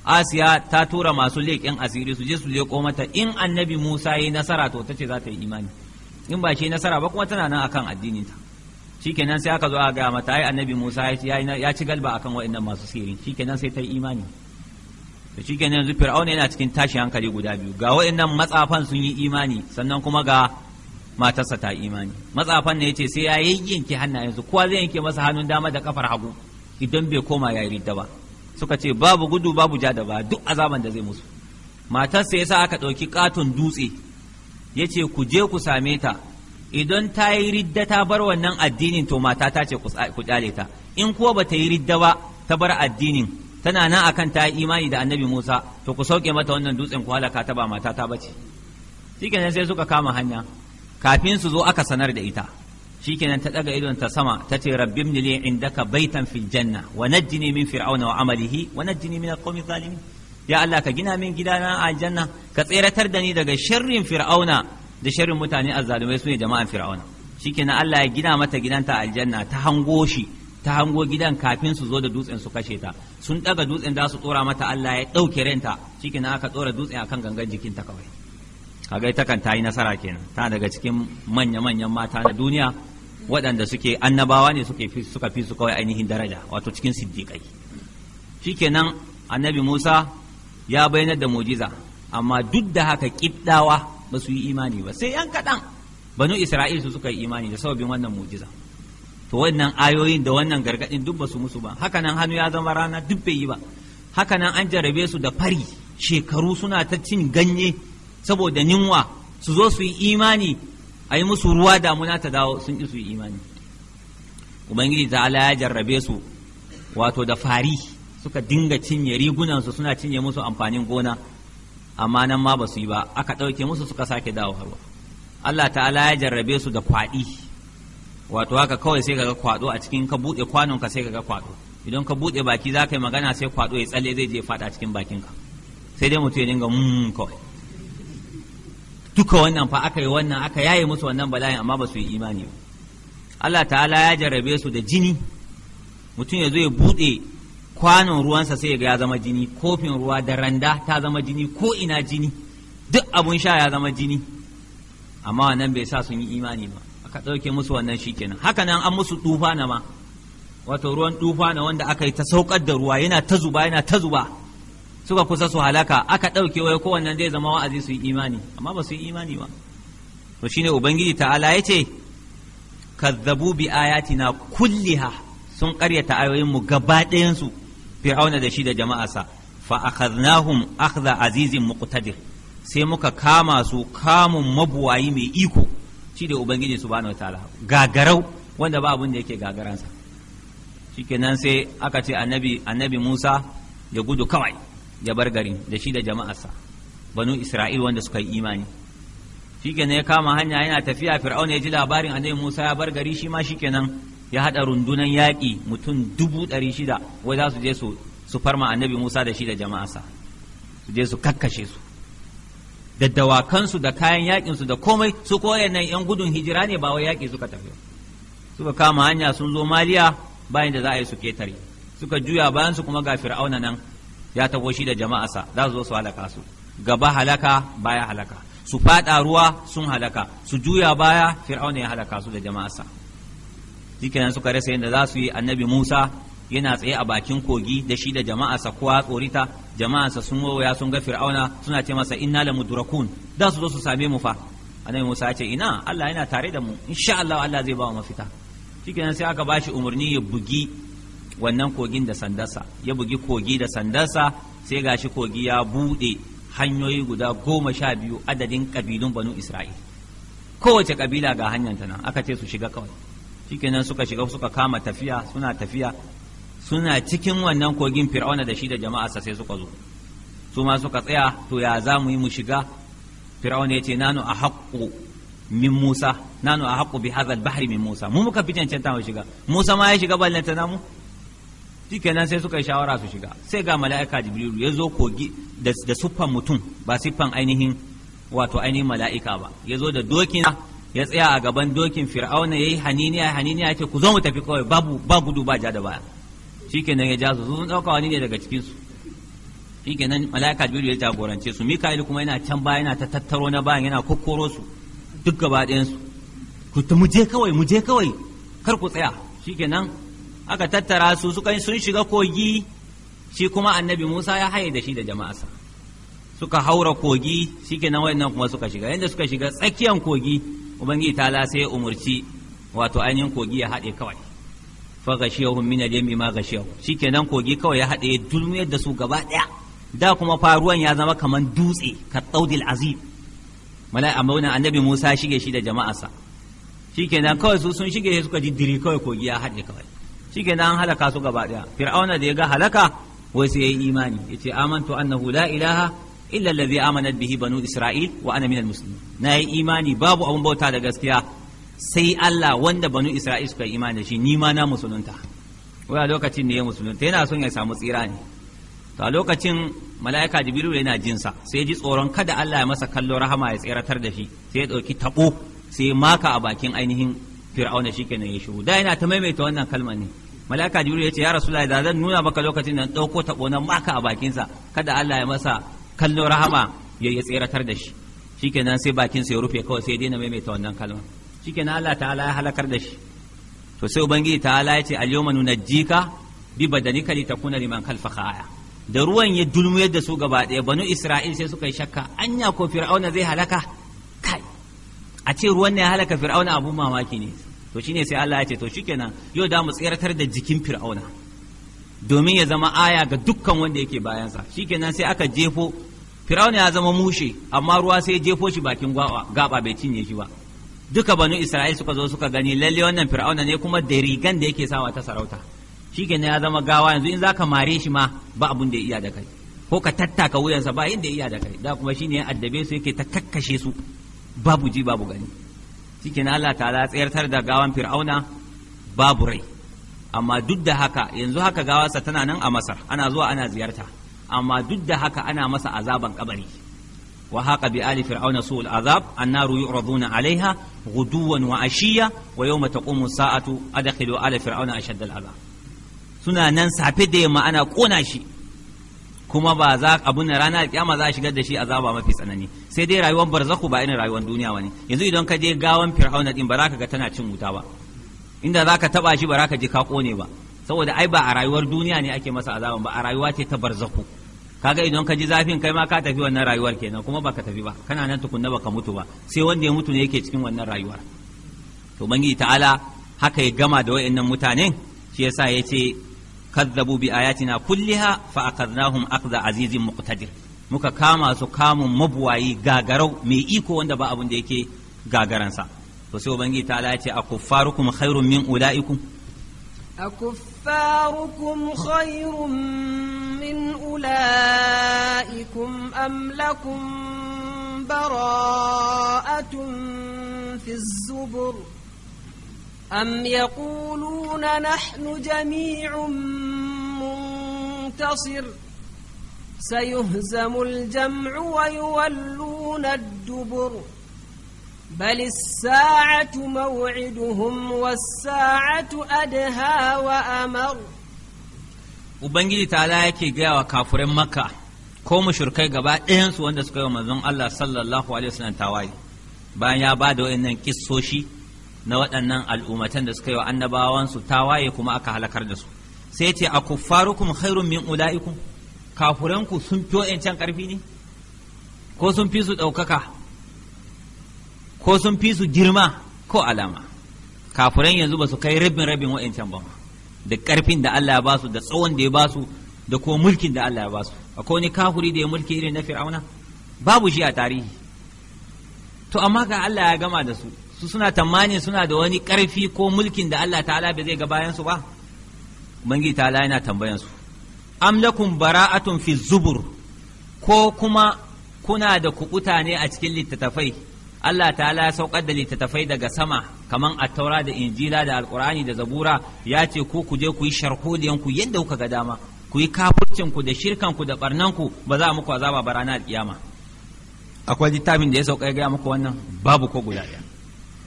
asiya ta tura masu leƙen asiri su je su leƙo mata in annabi musa ya yi nasara to ta ce za ta yi imani in ba shi nasara ba kuma tana nan akan addininta ta shikenan sai aka zo a gaya mata ai annabi Musa ya ci galba akan waɗannan masu sirri shikenan sai ta yi imani to shikenan yanzu Fir'auna yana cikin tashi hankali guda biyu ga waɗannan matsafan sun yi imani sannan kuma ga matarsa ta imani matsafan ne ya ce sai ya yayyanke hannayensu kowa zai yanke masa hannun dama da kafar hagu idan bai koma ya yi ridda ba suka ce babu gudu babu ja da ba duk azaban da zai musu matarsa ya sa aka ɗauki katon dutse ya ce ku je ku same ta idan ta yi ridda ta bar wannan addinin to mata ta ce ku ƙyale ta in kuwa ba ta yi ridda ba ta bar addinin tana nan akan ta yi imani da annabi Musa to ku sauke mata wannan dutsen ku halaka ta ba mata ta bace shi sai suka kama hanya kafin su zo aka sanar da ita shikenan ta daga idon ta sama ta ce rabbim li indaka baitan fil janna wa najjini min fir'auna wa amalihi wa najjini min alqawmi zalimin ya Allah ka gina min gidana aljanna ka tseratar da ni daga sharrin fir'auna da sharrin mutane azzalumai su ne jama'an fir'auna shikenan Allah ya gina mata gidanta aljanna ta hango shi ta hango gidan kafin su zo da dutsen su kashe ta sun daga dutsen da su tsora mata Allah ya dauke renta shikenan aka tsora dutsen akan gangan jikinta kawai kaga ita kan ta yi nasara kenan ta daga cikin manya manyan mata na duniya waɗanda suke annabawa ne fi suka fi su kawai ainihin daraja wato cikin siddiƙai shikenan annabi Musa ya bayyana da mujiza amma duk da haka kiddawa ba su yi imani ba sai yan kaɗan banu Isra'il su suka yi imani da sababin wannan mujiza to wannan ayoyin da wannan gargaɗin duk ba su musu ba haka nan hannu ya zama rana duk bai yi ba haka nan an jarabe su da fari shekaru suna ta cin ganye saboda ninwa su zo su yi imani a yi musu ruwa damuna ta dawo sun ƙi su yi imani ubangiji ta ala ya jarrabe su wato da fari suka dinga cinye rigunansu suna cinye musu amfanin gona amma nan ma ba su yi ba aka ɗauke musu suka sake dawo harwa Allah ta'ala ya jarrabe su da kwaɗi wato haka kawai sai kaga kwaɗo a cikin ka buɗe ka sai kaga kwaɗo idan ka buɗe baki za ka yi magana sai kwaɗo ya tsalle zai je faɗa cikin bakinka sai dai mutum ya dinga mun mm kawai duka wannan fa aka yi wannan aka yaye musu wannan bala'in amma ba su yi imani ba Allah ta'ala ya jarrabe su da jini mutum ya zo ya buɗe kwanon ruwansa sai ya zama jini kofin ruwa da randa ta zama jini ko ina jini duk abun sha ya zama jini amma wannan bai sa sun yi imani ba aka ɗauke musu wannan kenan. haka nan an musu tufa na ma wato ruwan tufa na wanda aka yi ta saukar da ruwa yana ta zuba yana ta zuba suka kusa su halaka aka ɗauke wai kowannen zai zama wa'azi su yi imani amma ba su yi imani ba to shine ubangiji ta'ala ya ce kazzabu bi ayatina kulliha sun ƙaryata ayoyin mu gaba ɗayan su fir'auna da shi da jama'arsa fa akhadnahum akhdha azizin muqtadir sai muka kama su kamun mabuwayi mai iko shi da ubangiji subhanahu wataala gagarau wanda ba abin da yake gagaransa shikenan sai aka ce annabi annabi Musa ya gudu kawai ya bar garin da shi da jama'arsa banu isra'il wanda suka yi imani shikenan ya kama hanya yana tafiya fir'auna ya ji labarin annabi musa ya bar gari shi ma shikenan ya haɗa rundunan yaƙi mutum dubu ɗari shida wai za su je su su farma annabi musa da shi da jama'arsa su je su kakkashe su da dawakansu da kayan yaƙinsu da komai su koya nan yan gudun hijira ne ba wai yaƙi suka tafi suka kama hanya sun zo maliya bayan da za a yi su ketare suka juya bayan su kuma ga fir'auna nan ya taho shi da jama'arsa za su zo su halaka su gaba halaka baya halaka su fada ruwa sun halaka su juya baya fir'auna ya halaka su da jama'arsa shikenan suka rasa yadda za su yi annabi Musa yana tsaye a bakin kogi da shi da jama'arsa kowa tsorita jama'arsa sun waya sun ga fir'auna suna ce masa inna la mudrakun da su zo su same mu fa annabi Musa ya ce ina Allah yana tare da mu insha Allah Allah zai ba mu mafita shikenan sai aka bashi umarni ya bugi wannan kogin da sandarsa ya bugi kogi da sandarsa sai gashi kogi ya buɗe hanyoyi guda goma sha biyu adadin ƙabilun banu isra'il kowace ƙabila ga hanyar nan aka ce su shiga kawai shikenan suka shiga suka kama tafiya suna tafiya suna cikin wannan kogin fir'auna da shi da jama'arsa sai suka zo su ma suka tsaya to ya za mu yi mu shiga fir'auna ya ce nanu a haƙƙo min musa nanu a haƙƙo bi hazal bahri min musa mu muka fi cancanta mu shiga musa ma ya shiga ballanta namu mu shikenan sai suka yi shawara su shiga sai ga mala'ika jibrilu ya zo kogi da siffan mutum ba siffan ainihin wato ainihin mala'ika ba ya zo da dokina ya tsaya a gaban dokin fir'auna yayi haniniya haniniya ya ce ku zo mu tafi kawai babu ba gudu ba ja da baya shikenan ya ja su sun dauka wani ne daga cikin su shikenan mala'ika jibrilu ya jagorance su mika'il kuma yana can baya yana ta tattaro na bayan yana kokkoro su duk gaba ɗayan su ku ta mu je kawai mu je kawai kar ku tsaya shikenan aka tattara su suka sun shiga kogi shi kuma annabi Musa ya haye da shi da jama'arsa suka haura kogi shikenan nan kuma suka shiga yadda suka shiga tsakiyan kogi ubangiji ta sai umurci wato ainihin kogi ya haɗe kawai fa gashiyahum min al-yammi ma gashiyahu shikenan kogi kawai ya haɗe dulmiyar da su gaba ɗaya da kuma faruwan ya zama kaman dutse ka tsaudil azim malai amma wannan annabi Musa shige shi da jama'arsa shikenan kawai su sun shige suka ji diri kawai kogi ya haɗe kawai shikenan an halaka su gaba daya fir'auna da ya ga halaka wai sai yayi imani ce amantu annahu la ilaha illa allazi amanat bihi banu isra'il wa ana minal muslimin yi imani babu abun bauta da gaskiya sai Allah wanda banu isra'il suka imani da shi ni ma na musulunta wai a lokacin ne ya musulunta yana son ya samu tsira ne to a lokacin mala'ika jibrilu yana jinsa sai ya ji tsoron kada Allah ya masa kallo rahama ya tseratar da shi sai ya ɗauki taɓo sai ya maka a bakin ainihin fir'auna shikenan ya shiru da yana ta maimaita wannan kalmar ne malaka jibril ce ya rasulullahi da zan nuna maka lokacin nan dauko tabo nan maka a bakinsa kada Allah ya masa kallon rahama ya ya tseratar da shi shikenan sai bakinsa ya rufe kawai sai daina maimaita wannan kalma shikenan Allah ta'ala ya halakar da shi to sai ubangiji ta'ala yace al-yawma nunajjika bi badanika litakuna liman khalfaka aya da ruwan ya dulmuyar da su gaba ɗaya banu isra'il sai suka yi shakka anya ko fir'auna zai halaka kai a ce ruwan ne ya halaka fir'auna abun mamaki ne to shine sai Allah ya ce to shikenan yau da mu tsiratar da jikin fir'auna domin ya zama aya ga dukkan wanda yake bayansa shikenan sai aka jefo fir'auna ya zama mushe amma ruwa sai jefo shi bakin gwawa gaba bai cinye shi ba duka banu isra'il suka zo suka gani lalle wannan fir'auna ne kuma da rigan da yake sawa ta sarauta shikenan ya zama gawa yanzu in zaka mare shi ma ba abun da ya iya da kai ko ka tattaka wuyansa ba inda ya iya da kai da kuma shine addabe su yake ta kakkashe su babu ji babu gani shikenan Allah ta'ala tsayartar da gawan fir'auna babu rai amma duk da haka yanzu haka gawarsa tana nan a masar ana zuwa ana ziyarta amma duk da haka ana masa azaban kabari wa haka bi ali fir'auna su'ul azab annaru yu'raduna alaiha guduwan wa ashiya wa yawma taqumu sa'atu adkhilu ala fir'auna ashaddal azab suna nan safe da yamma ana kona shi kuma ba za abun da ranar kiyama za a shigar da shi azaba mafi tsanani sai dai rayuwar barzaku ba irin rayuwar duniya wani yanzu idan ka je gawan fir'auna din ba za ka ga tana cin wuta ba inda za ka taba shi ba za ka je ka kone ba saboda ai ba a rayuwar duniya ne ake masa azaban ba a rayuwa ce ta barzaku kaga idan ka ji zafin kai ma ka tafi wannan rayuwar kenan kuma baka tafi ba kana nan tukunna baka mutu ba sai wanda ya mutu ne yake cikin wannan rayuwar to bangi ta'ala haka ya gama da wayannan mutanen shi yasa ce. كذبوا بآياتنا كلها فأخذناهم أخذ عزيز مقتدر muka kama su kamun mabuwayi gagarau mai iko wanda ba abin da yake gagaransa to sai ubangiji ta ce a kuffarukum khairun min ulaikum a kuffarukum khairun min ulaikum am lakum bara'atun fi zubur أم يقولون نحن جميع منتصر سيهزم الجمع ويولون الدبر بل الساعة موعدهم والساعة أدهى وأمر Ubangiji ta yake gaya wa kafurin Makka ko mushrikai gaba ɗayansu wanda suka yi wa manzon Allah sallallahu alaihi wasallam tawaye bayan ya ba da wayannan kissoshi na waɗannan al'ummatan da suka yi wa annabawansu ta waye kuma aka halakar da su sai ce a kuffarukum khairun min ula'ikum kafuranku sun fi wa'yancan ƙarfi ne ko sun fi su ɗaukaka ko sun fi su girma ko alama kafuran yanzu ba su kai rabin rabin wa'yancan ba da ƙarfin da Allah ya ba su da tsawon da ya ba su da ko mulkin da Allah ya ba su akwai wani kafuri da ya mulki irin na fir'auna babu shi a tarihi to amma ga Allah ya gama da su su suna tamanin suna da wani ƙarfi ko mulkin da Allah ta'ala bai zai ga bayan su ba bangi ta'ala yana tambayan su bara'atun fi zubur ko kuma kuna da kukuta ne a cikin littattafai Allah ta'ala ya saukar da littattafai daga sama kaman attaura da injila da alkur'ani da zabura ya ce ko ku je ku yi sharholiyan yadda kuka ga dama ku yi kafurcin ku da shirkanku da barnan ku ba za muku azaba ba ranar kiyama akwai littafin da ya sauka ya gaya muku wannan babu ko guda ɗaya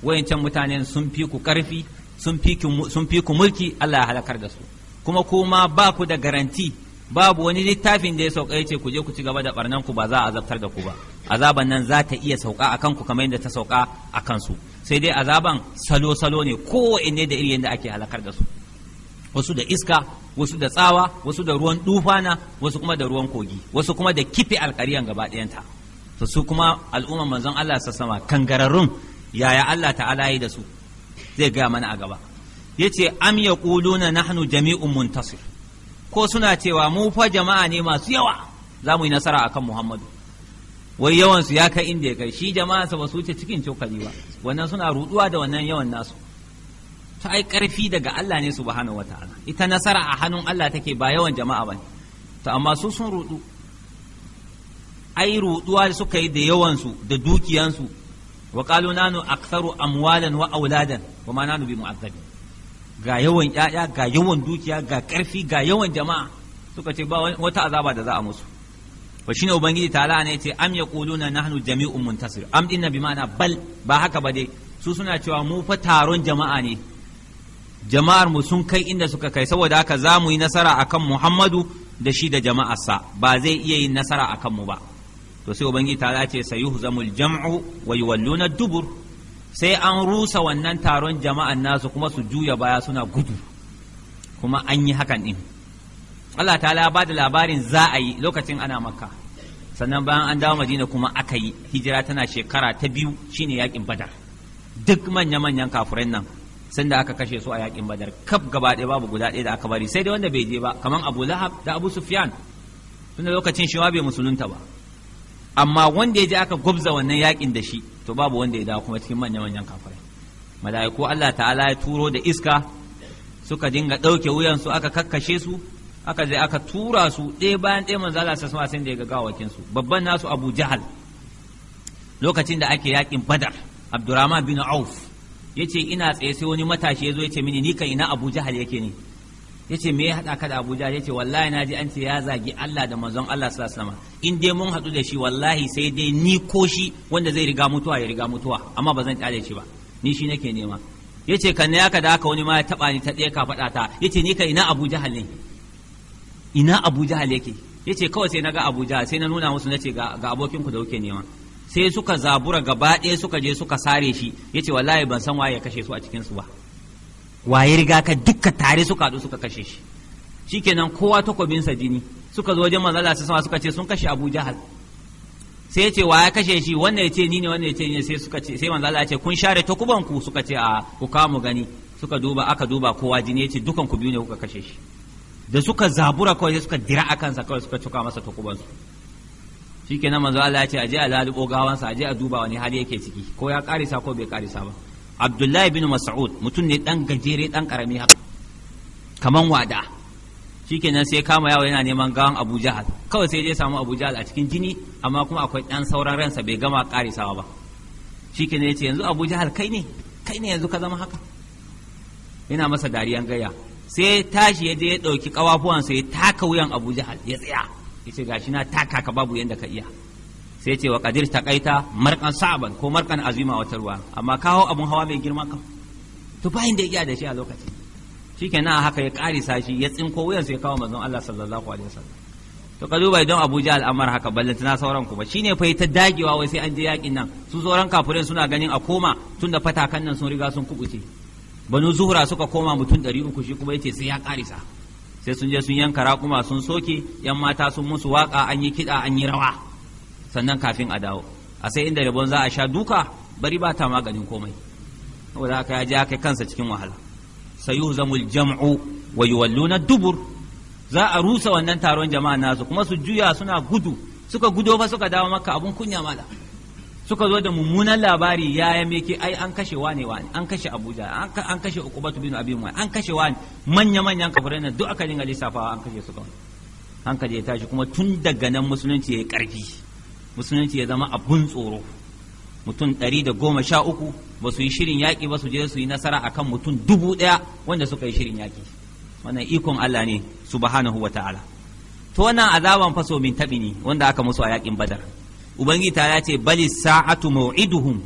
wayancan mutanen sun fi ku ƙarfi sun fi ku mulki Allah ya halakar da su kuma kuma ba ku da garanti babu wani littafin da ya sauka yace ku je ku ci gaba da barnan ku ba za a azabtar da ku ba azaban nan za ta iya sauka akan ku kamar yadda ta sauka akan su sai dai azaban salo salo ne ko ne da irin yadda ake halakar da su wasu da iska wasu da tsawa wasu da ruwan dufana wasu kuma da ruwan kogi wasu kuma da kife alkariyan gaba ɗayanta su kuma al'umman manzon Allah sassama kangararrun yaya Allah ta'ala yi da su zai gaya mana a gaba yace am yaquluna nahnu jami'un muntasir ko suna cewa mu fa jama'a ne masu yawa za mu yi nasara akan Muhammadu wai yawan ya kai inda ya kai shi jama'a sa ba su wuce cikin cokali ba wannan suna ruduwa da wannan yawan nasu ta ai karfi daga Allah ne subhanahu wataala ita nasara a hannun Allah take ba yawan jama'a bane to amma su sun rudu ai ruduwa suka yi da yawansu da dukiyansu wa qalu nanu aktharu amwalan wa auladan wa nanu bi ga yawan yaya ga yawan dukiya ga ƙarfi ga yawan jama'a suka ce ba wata azaba da za a musu fa shine ubangiji ta'ala ne ce am yaquluna nahnu jami'un muntasir am dinna bi ma'ana bal ba haka ba dai su suna cewa mu fa taron jama'a ne jama'ar mu sun kai inda suka kai saboda haka za mu yi nasara akan Muhammadu da shi da jama'arsa ba zai iya yin nasara akan mu ba to sai ubangiji ta ce sayuhzamul jam'u wa yuwalluna dubur sai an rusa wannan taron jama'an nasu kuma su juya baya suna gudu kuma an yi hakan din Allah ta ba da labarin za a yi lokacin ana makka sannan bayan an dawo madina kuma aka yi hijira tana shekara ta biyu shine yakin badar duk manya-manyan kafurai nan sun da aka kashe su a yakin badar kaf gaba ɗaya babu guda ɗaya da aka bari sai dai wanda bai je ba kamar abu lahab da abu sufyan tunda lokacin shi ma bai musulunta ba amma wanda ya je aka gwabza wannan yakin da shi to babu wanda ya dawo kuma cikin manyan manyan kafirai mala'iku Allah ta'ala ya turo da iska suka dinga ɗauke su aka kakkashe su aka je aka tura su ɗaya bayan ɗaya manzo Allah sai sun da ya ga gawakin su babban nasu Abu Jahal lokacin da ake yakin Badar Abdurrahman bin Auf yace ina tsaye sai wani matashi ya zo yace mini ni kan ina Abu Jahal yake ne yace me ya haɗa ka da Abuja yace wallahi ji an ce ya zagi Allah da manzon Allah su alaihi in dai mun hadu da shi wallahi sai dai ni ko shi wanda zai riga mutuwa ya riga mutuwa amma ba zan kyale shi ba ni shi nake nema yace kan ya ka da haka wani ma ya taɓa ni ta ɗaya ka faɗa ta yace ni ka ina abuja hal ina abuja yake yace kawai sai na ga abuja sai na nuna musu na ga ga abokin ku da kuke nema sai suka zabura gaba ɗaya suka je suka sare shi yace wallahi ban san waye ya kashe su a cikin su ba waye riga ka dukka tare suka haɗu suka kashe shi shikenan kowa takobinsa jini suka zo wajen manzala su sama suka ce sun kashe Abu Jahal sai ya ce wa ya kashe shi wannan ya ce ni ne wannan ya ce ni sai suka ce sai manzala ya ce kun share takuban ku suka ce a ku kawo mu gani suka duba aka duba kowa jini ya ce dukan ku biyu ne kuka kashe shi da suka zabura kawai sai suka dira akan sa kawai suka cuka masa takuban su shikenan manzo Manzala ya ce aje a lalubo gawansa aje a duba wani hali yake ciki ko ya karisa ko bai karisa ba abdullahi bin mas'ud mutum ne dan gajere dan karami haka kaman wada shikenan sai kama yawo yana neman gawan abu jahal kawai sai ya samu abu jahal a cikin jini amma kuma akwai dan sauran ransa bai gama karisawa ba shikenan yace yanzu abu jahal kai ne kai ne yanzu ka zama haka yana masa dariyan gaya sai tashi ya je ya dauki kawafuwansa ya taka wuyan abu ya tsaya yace gashi na taka ka babu yanda ka iya sai ce wa ta kaita markan sa'ban ko markan azima wata ruwa amma kawo abun hawa mai girma kan to bayan da ya da shi a lokacin shikenan haka ya karisa shi ya tsinko wuyan sai kawo manzon Allah sallallahu alaihi wasallam to ka duba idan Abuja al'amar haka na sauran kuma shine fa ta dagewa wai sai an je yakin nan su sauran kafirin suna ganin a koma tunda fatakan nan sun riga sun kubuce banu zuhura suka koma mutum ɗari uku shi kuma yace sai ya ƙarisa sai sun je sun yanka raƙuma sun soke yan mata sun musu waƙa an yi kiɗa an yi rawa sannan kafin a dawo a sai inda rabon za a sha duka bari ba ta maganin komai saboda haka ya je kai kansa cikin wahala sayuhzamul jam'u wa yuwalluna dubur za a rusa wannan taron jama'a nasu kuma su juya suna gudu suka gudo fa suka dawo maka abun kunya mala suka zo da mummunan labari ya ya meke ai an kashe wane wane an kashe abuja an kashe ukubatu bin abin wani an kashe wani manya manyan kafirai na duk aka dinga lissafawa an kashe su kawai hankali ya tashi kuma tun daga nan musulunci ya yi karfi musulunci ya zama abun tsoro mutum ɗari da goma sha uku ba su yi shirin yaƙi ba su je su yi nasara akan mutum dubu ɗaya wanda suka yi shirin yaƙi wannan ikon Allah ne subhanahu wa ta'ala to wannan azaban faso min taɓi ne wanda aka musu a yaƙin badar ubangiji ta ya ce bali sa'atu mau'iduhum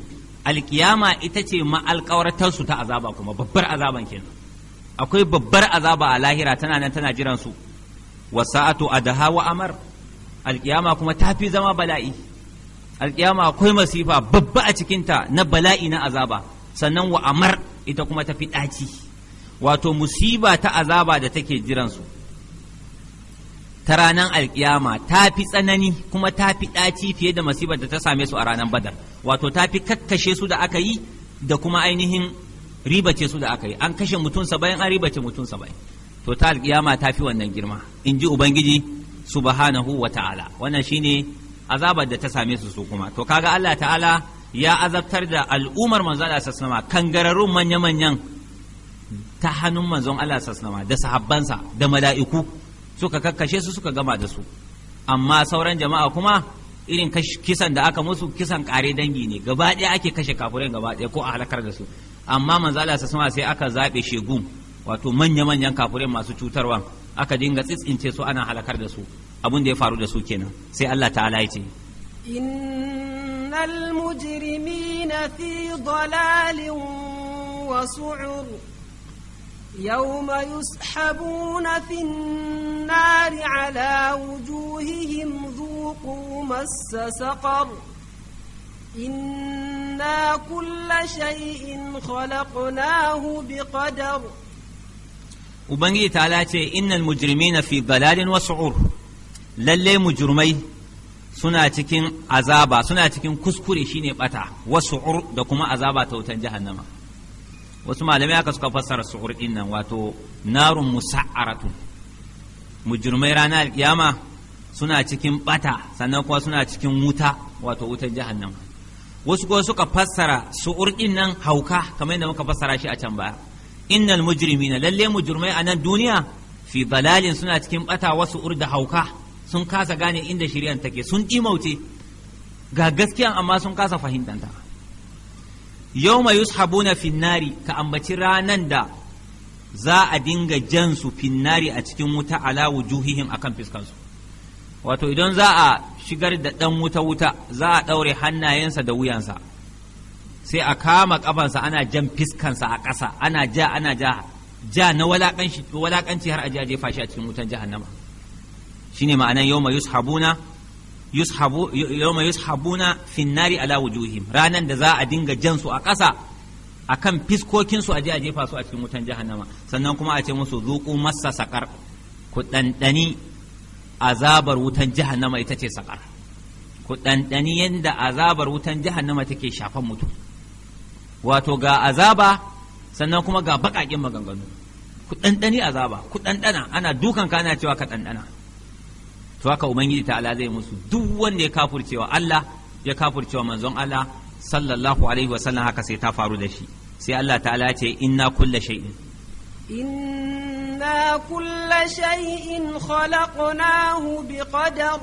alkiyama ita ce ma'alƙawartar su ta azaba kuma babbar azaban kenan akwai babbar azaba a lahira tana nan tana jiran su wa sa'atu adaha wa amar alƙiyama kuma ta fi zama bala'i alƙiyama akwai masifa babba a cikinta na bala'i na azaba sannan wa amar ita kuma ta fi ɗaci wato musiba ta azaba da take jiransu ta ranar alƙiyama ta fi tsanani kuma ta fi ɗaci fiye da masibar da ta same su a ranar badar wato ta fi kakkashe su da aka yi da kuma ainihin ribace su da aka yi an kashe mutum saba'in an ribace mutum saba'in to ta alƙiyama ta fi wannan girma in ji ubangiji subhanahu wa ta'ala wannan shine azabar da ta same su su kuma to kaga Allah ta'ala ya azabtar da al'umar manzon Allah sallallahu alaihi kangararrun manya-manyan ta hannun manzon Allah sallallahu da sahabbansa da mala'iku suka kakkashe su suka gama da su amma sauran jama'a kuma irin kisan da aka musu kisan kare dangi ne gaba ɗaya ake kashe kafurin gaba ɗaya ko a halakar da su amma manzon Allah sallallahu sai aka zaɓe shegun wato manya-manyan kafurin masu cutarwa aka dinga tsitsince su ana halakar da su abin da ya faru da su kenan sai Allah ta'ala ya ce innal mujrimina fi dalalin wa su'ur yawma yushabuna fi an-nar ala wujuhihim dhuqu massa saqar inna kulla shai shay'in khalaqnahu biqadar ubangiji ta ce innal mujrimina fi dalalin wa su'ur lalle mujrimai suna cikin azaba suna cikin kuskure shine bata wa su'ur da kuma azaba ta wutan jahannama wasu malamai aka suka fassara su'ur din nan wato narun musa'aratu mujrimai ranar alkiyama suna cikin bata sannan kuma suna cikin wuta wato wutan jahannama wasu kuma suka fassara su'ur din nan hauka kamar yadda muka fassara shi a can baya innal mujrimina lalle mujrimai a nan duniya fi dalalin suna cikin bata wasu urda hauka sun kasa gane inda shari'an take sun dimauce ga gaskiyan amma sun kasa fahimtanta yawma yushabuna finnari ka ambaci ranan da za a dinga jansu finnari a cikin wuta ala wujuhihim akan fiskansu wato idan za a shigar da dan wuta wuta za a daure hannayensa da wuyansa sai a kama kafansa ana jan fiskansa a ƙasa ana ja ana ja ja na walakanci walakanci har aje aje shi a cikin wutan jahannama shine ma'anan yawma yushabuna yushabu yawma yushabuna fin ala wujuhim ranan da za a dinga jan su a ƙasa akan fiskokin su aje aje su a cikin wutan jahannama sannan kuma a ce musu zuƙu massa saƙar, ku dandani azabar wutan jahannama ita ce saƙar, ku dandani yadda azabar wutan jahannama take shafan mutum wato ga azaba sannan kuma ga baƙaƙen maganganu ku ɗanɗani azaba ku ɗanɗana ana dukan ka ana cewa ka ɗanɗana to haka ubangiji ta'ala zai musu duk wanda ya kafurcewa Allah ya kafurcewa manzon Allah sallallahu alaihi wasallam haka sai ta faru da shi sai Allah ta'ala ce inna kulla shay'in inna kulla shay'in khalaqnahu biqadar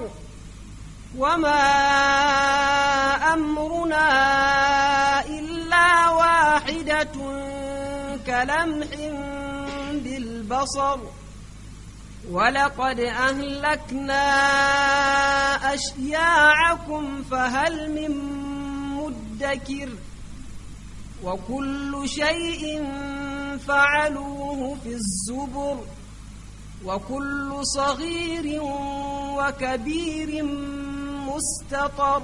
وما أمرنا إلا واحدة كلمح بالبصر ولقد أهلكنا أشياعكم فهل من مدكر وكل شيء فعلوه في الزبر وكل صغير وكبير مستطر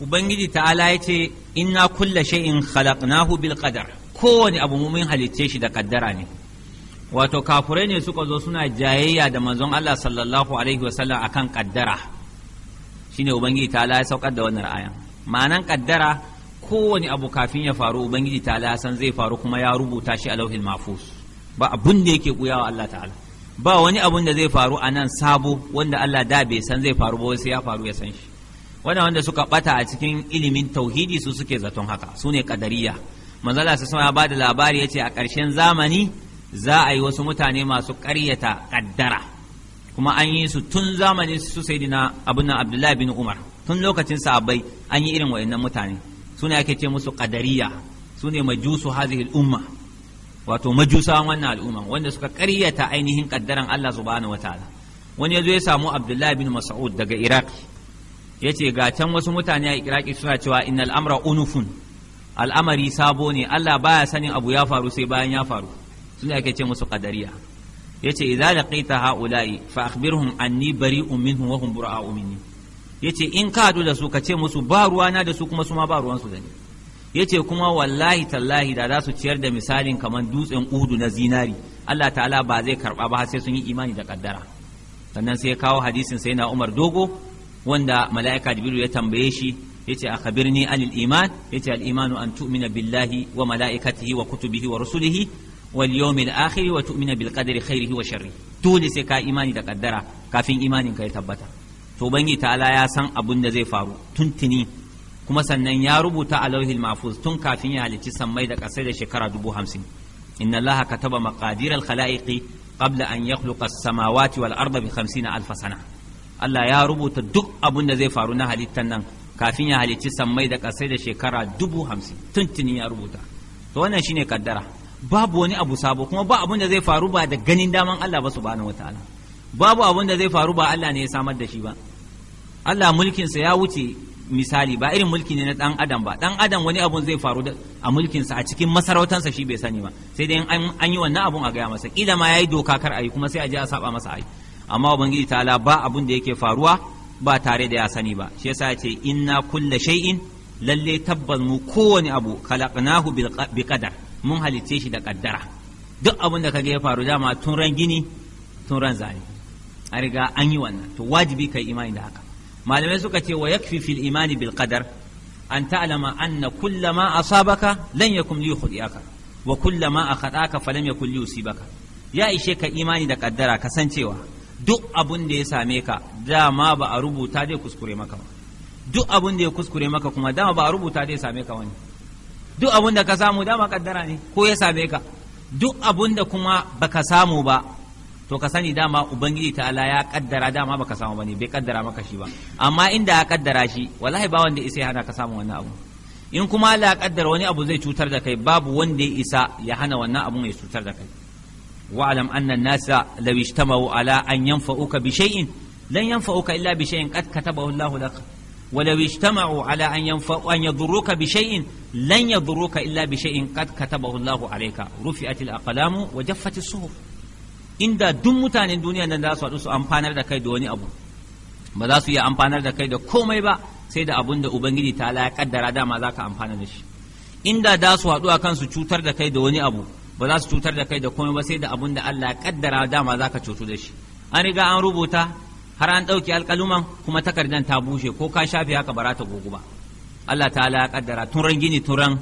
Ubangiji ta'ala ya ce, Inna kulla shay'in khalaqnahu bil qadar kowane abu mumin halitce shi da kaddara ne. Wato, kafurai ne suka zo suna jayayya da manzon Allah sallallahu Alaihi wasallam a kan kaddara, shi ne Ubangiji ta'ala ya saukar da wannan ra'ayan. Ma'anan kaddara kowane abu kafin ya faru Ubangiji ta'ala ya san zai faru kuma ya rubuta shi a lauhin mafus. ba abun da yake kuyawa Allah ta'ala ba wani abun da zai faru a nan sabo wanda Allah da bai san zai faru ba sai ya faru ya san shi wannan wanda suka bata a cikin ilimin tauhidi su suke zaton haka su ne kadariya manzala su ya ba da labari ya ce a ƙarshen zamani za a yi wasu mutane masu ƙaryata kaddara kuma an yi su tun zamanin su na abun nan abdullahi bin umar tun lokacin sahabbai an yi irin wa'annan mutane su ne ake ce musu kadariya su ne majusu hazihil umma wato majusawan wannan al'umma wanda suka karyata ainihin kaddaran Allah subhanahu wataala wani yazo ya samu Abdullahi bin Mas'ud daga Iraq yace ga can wasu mutane a Iraki suna cewa innal amra unufun al'amari sabo ne Allah baya sanin abu ya faru sai bayan ya faru suna ake ce musu qadariya yace idza laqita haula'i fa akhbirhum anni bari'un minhum wa hum bura'u minni ce in ka hadu da su ka ce musu ba ruwana da su kuma su ma ba ruwansu da yace kuma wallahi tallahi da za su ciyar da misalin kamar dutsen udu na zinari Allah ta'ala ba zai karba ba sai sun yi imani da kaddara sannan sai ya kawo hadisin sai na Umar dogo wanda mala'ika Jibril ya tambaye shi yace akhbirni anil iman yace al imanu an tu'mina billahi wa mala'ikatihi wa kutubihi wa rusulihi wal yawmil akhir wa tu'mina bil qadri khairihi wa sharri dole sai ka imani da kaddara kafin imanin ka ya tabbata to bangi ta'ala ya san abun da zai faru tuntuni kuma sannan ya rubuta a lauhil mahfuz tun kafin ya halicci sammai da ƙasai da shekara dubu hamsin inna allaha kataba maqadir al khalaiqi qabla an yakhluqa as-samawati wal arda bi 50 alf sana Allah ya rubuta duk abun da zai faru na halittan nan kafin ya halicci sammai da ƙasai da shekara dubu hamsin tun tuni ya rubuta to wannan shine kaddara babu wani abu sabo kuma ba abun da zai faru ba da ganin daman Allah ba subhanahu wataala babu abun da zai faru ba Allah ne ya samar da shi ba Allah mulkinsa ya wuce misali ba irin mulki ne na dan adam ba dan adam wani abun zai faru a mulkinsa a cikin masarautansa shi bai sani ba sai dai an yi wannan abun a gaya masa kila ma yayi doka kar ayi kuma sai a je a saba masa ayi amma ubangiji ta'ala ba abun da yake faruwa ba tare da ya sani ba shi yasa ce inna kulla shay'in lalle tabbas mu kowane abu khalaqnahu bi qadar mun halitte shi da kaddara duk abun da kaga ya faru dama tun ran gini tun ran zani a riga an yi wannan to wajibi kai imani da haka malamai suka ce wa yakfi fil imani bil qadar an ta'lama anna kullama asabaka lan yakum li khudiyaka wa kullama akhadaka falam yakul li yusibaka ya ishe ka imani da kaddara ka san cewa duk abun da ya same ka dama ba a rubuta zai kuskure maka ba duk abun da ya kuskure maka kuma dama ba a rubuta zai same ka wani duk abun da ka samu dama kaddara ne ko ya same ka duk abun da kuma baka samu ba to ka sani dama ubangiji ta'ala ya kaddara dama baka samu bane bai kaddara maka shi ba amma inda ya kaddara shi wallahi ba wanda isa ya hana ka samu wannan abu in kuma Allah ya kaddara wani abu zai cutar da kai babu wanda ya isa ya hana wannan abun ya cutar da kai wa'lam anna an-nasa law ijtama'u ala an yanfa'uka bi shay'in lan yanfa'uka illa bi shay'in qad katabahu Allahu lak ولو اجتمعوا على أن ينفعوا أن يضروك بشيء لن يضروك إلا بشيء قد كتبه الله عليك رفعت الأقلام وجفت الصحف inda duk mutanen duniya nan za su haɗu su amfanar da kai da wani abu ba za su iya amfanar da kai da komai ba sai da abun da ubangiji ta ya kaddara dama za ka amfana da shi inda da su haɗu a kan su cutar da kai da wani abu ba za su cutar da kai da komai ba sai da abun da Allah ya kaddara dama za ka cutu da shi an riga an rubuta har an ɗauki alƙaluman kuma takardar ta bushe ko ka shafe haka ba ta gogu ba Allah ta ya kaddara turan gini turan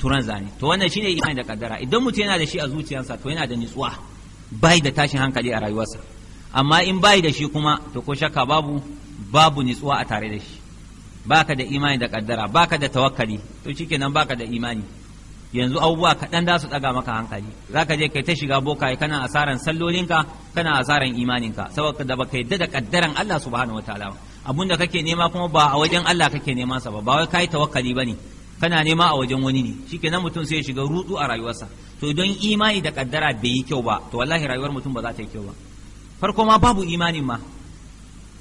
turan zane to wannan shine imani da kaddara idan mutum yana da shi a zuciyarsa to yana da nutsuwa bai da tashin hankali a rayuwarsa amma in bai da shi kuma to ko shakka babu babu nitsuwa a tare da shi baka da imani da kaddara baka da tawakkali to shikenan baka da imani yanzu abubuwa kaɗan za su ɗaga maka hankali za ka je kai ta shiga boka kana asaran sallolinka kana asaran imaninka saboda da baka yadda da kaddaran Allah subhanahu wataala abunda kake nema kuma ba a wajen Allah kake neman sa ba ba wai kai tawakkali bane kana nema a wajen wani ne shikenan mutum sai ya shiga rutsu a rayuwarsa to don imani da kaddara bai yi kyau ba to wallahi rayuwar mutum ba za ta yi kyau ba farko ma babu imanin ma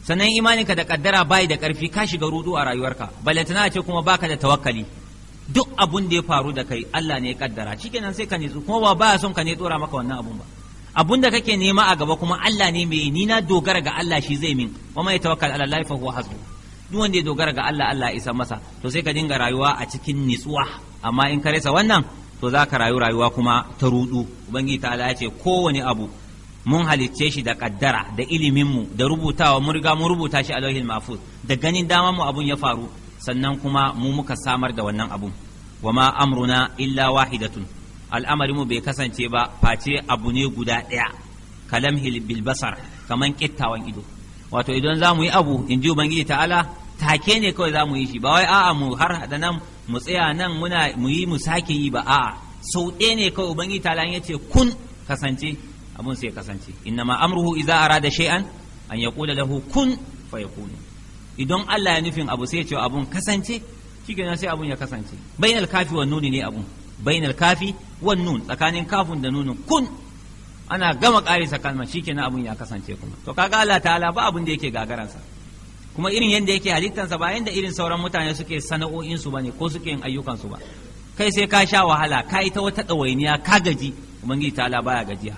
sannan imaninka da kaddara bai da karfi ka shiga rudu a rayuwarka balantana ce kuma baka da tawakkali duk abun da ya faru da kai Allah ne ya kaddara shikenan sai ka nitsu kuma ba baya son ka ne tsora maka wannan abun ba abun da kake nema a gaba kuma Allah ne mai ni na dogara ga Allah shi zai min wa mai tawakkal ala Allah fa huwa hasbu duk wanda ya dogara ga Allah Allah isa masa to sai ka dinga rayuwa a cikin nitsuwa amma in ka rasa wannan to za ka rayu rayuwa kuma ta rudu ubangiji ta ya ce kowane abu mun halicce shi da kaddara da iliminmu da rubutawa mun riga mun rubuta shi a lauhin mafuz da ganin dama mu abun ya faru sannan kuma mu muka samar da wannan abun wa ma amruna illa wahidatun al'amarinmu bai kasance ba face abu ne guda ɗaya kalam bil basar kaman kittawan ido wato idan za mu yi abu in ji ubangiji ta'ala take ne kawai za mu yi shi ba wai a'a mu har da nan mu tsaya nan muna mu yi mu sake yi ba a'a sau ɗaya ne kawai ubangi ta ya ce kun kasance abun sai kasance ma amruhu idza arada shay'an an yaqula lahu kun fayakun idan Allah ya nufin abu sai ya ce abun kasance shikenan sai abun ya kasance bainal kafi wan nuni ne abun bainal kafi wan nun tsakanin kafun da nunin kun ana gama ƙarisa kalma shikenan abun ya kasance kuma to kaga Allah ta'ala ba abun da yake gagaransa kuma irin yadda yake halittansa ba yadda irin sauran mutane suke sana'o'insu ba ne ko suke yin ayyukansu ba kai sai ka sha wahala ka yi ta wata ɗawainiya ka gaji ubangiji ta'ala baya gajiya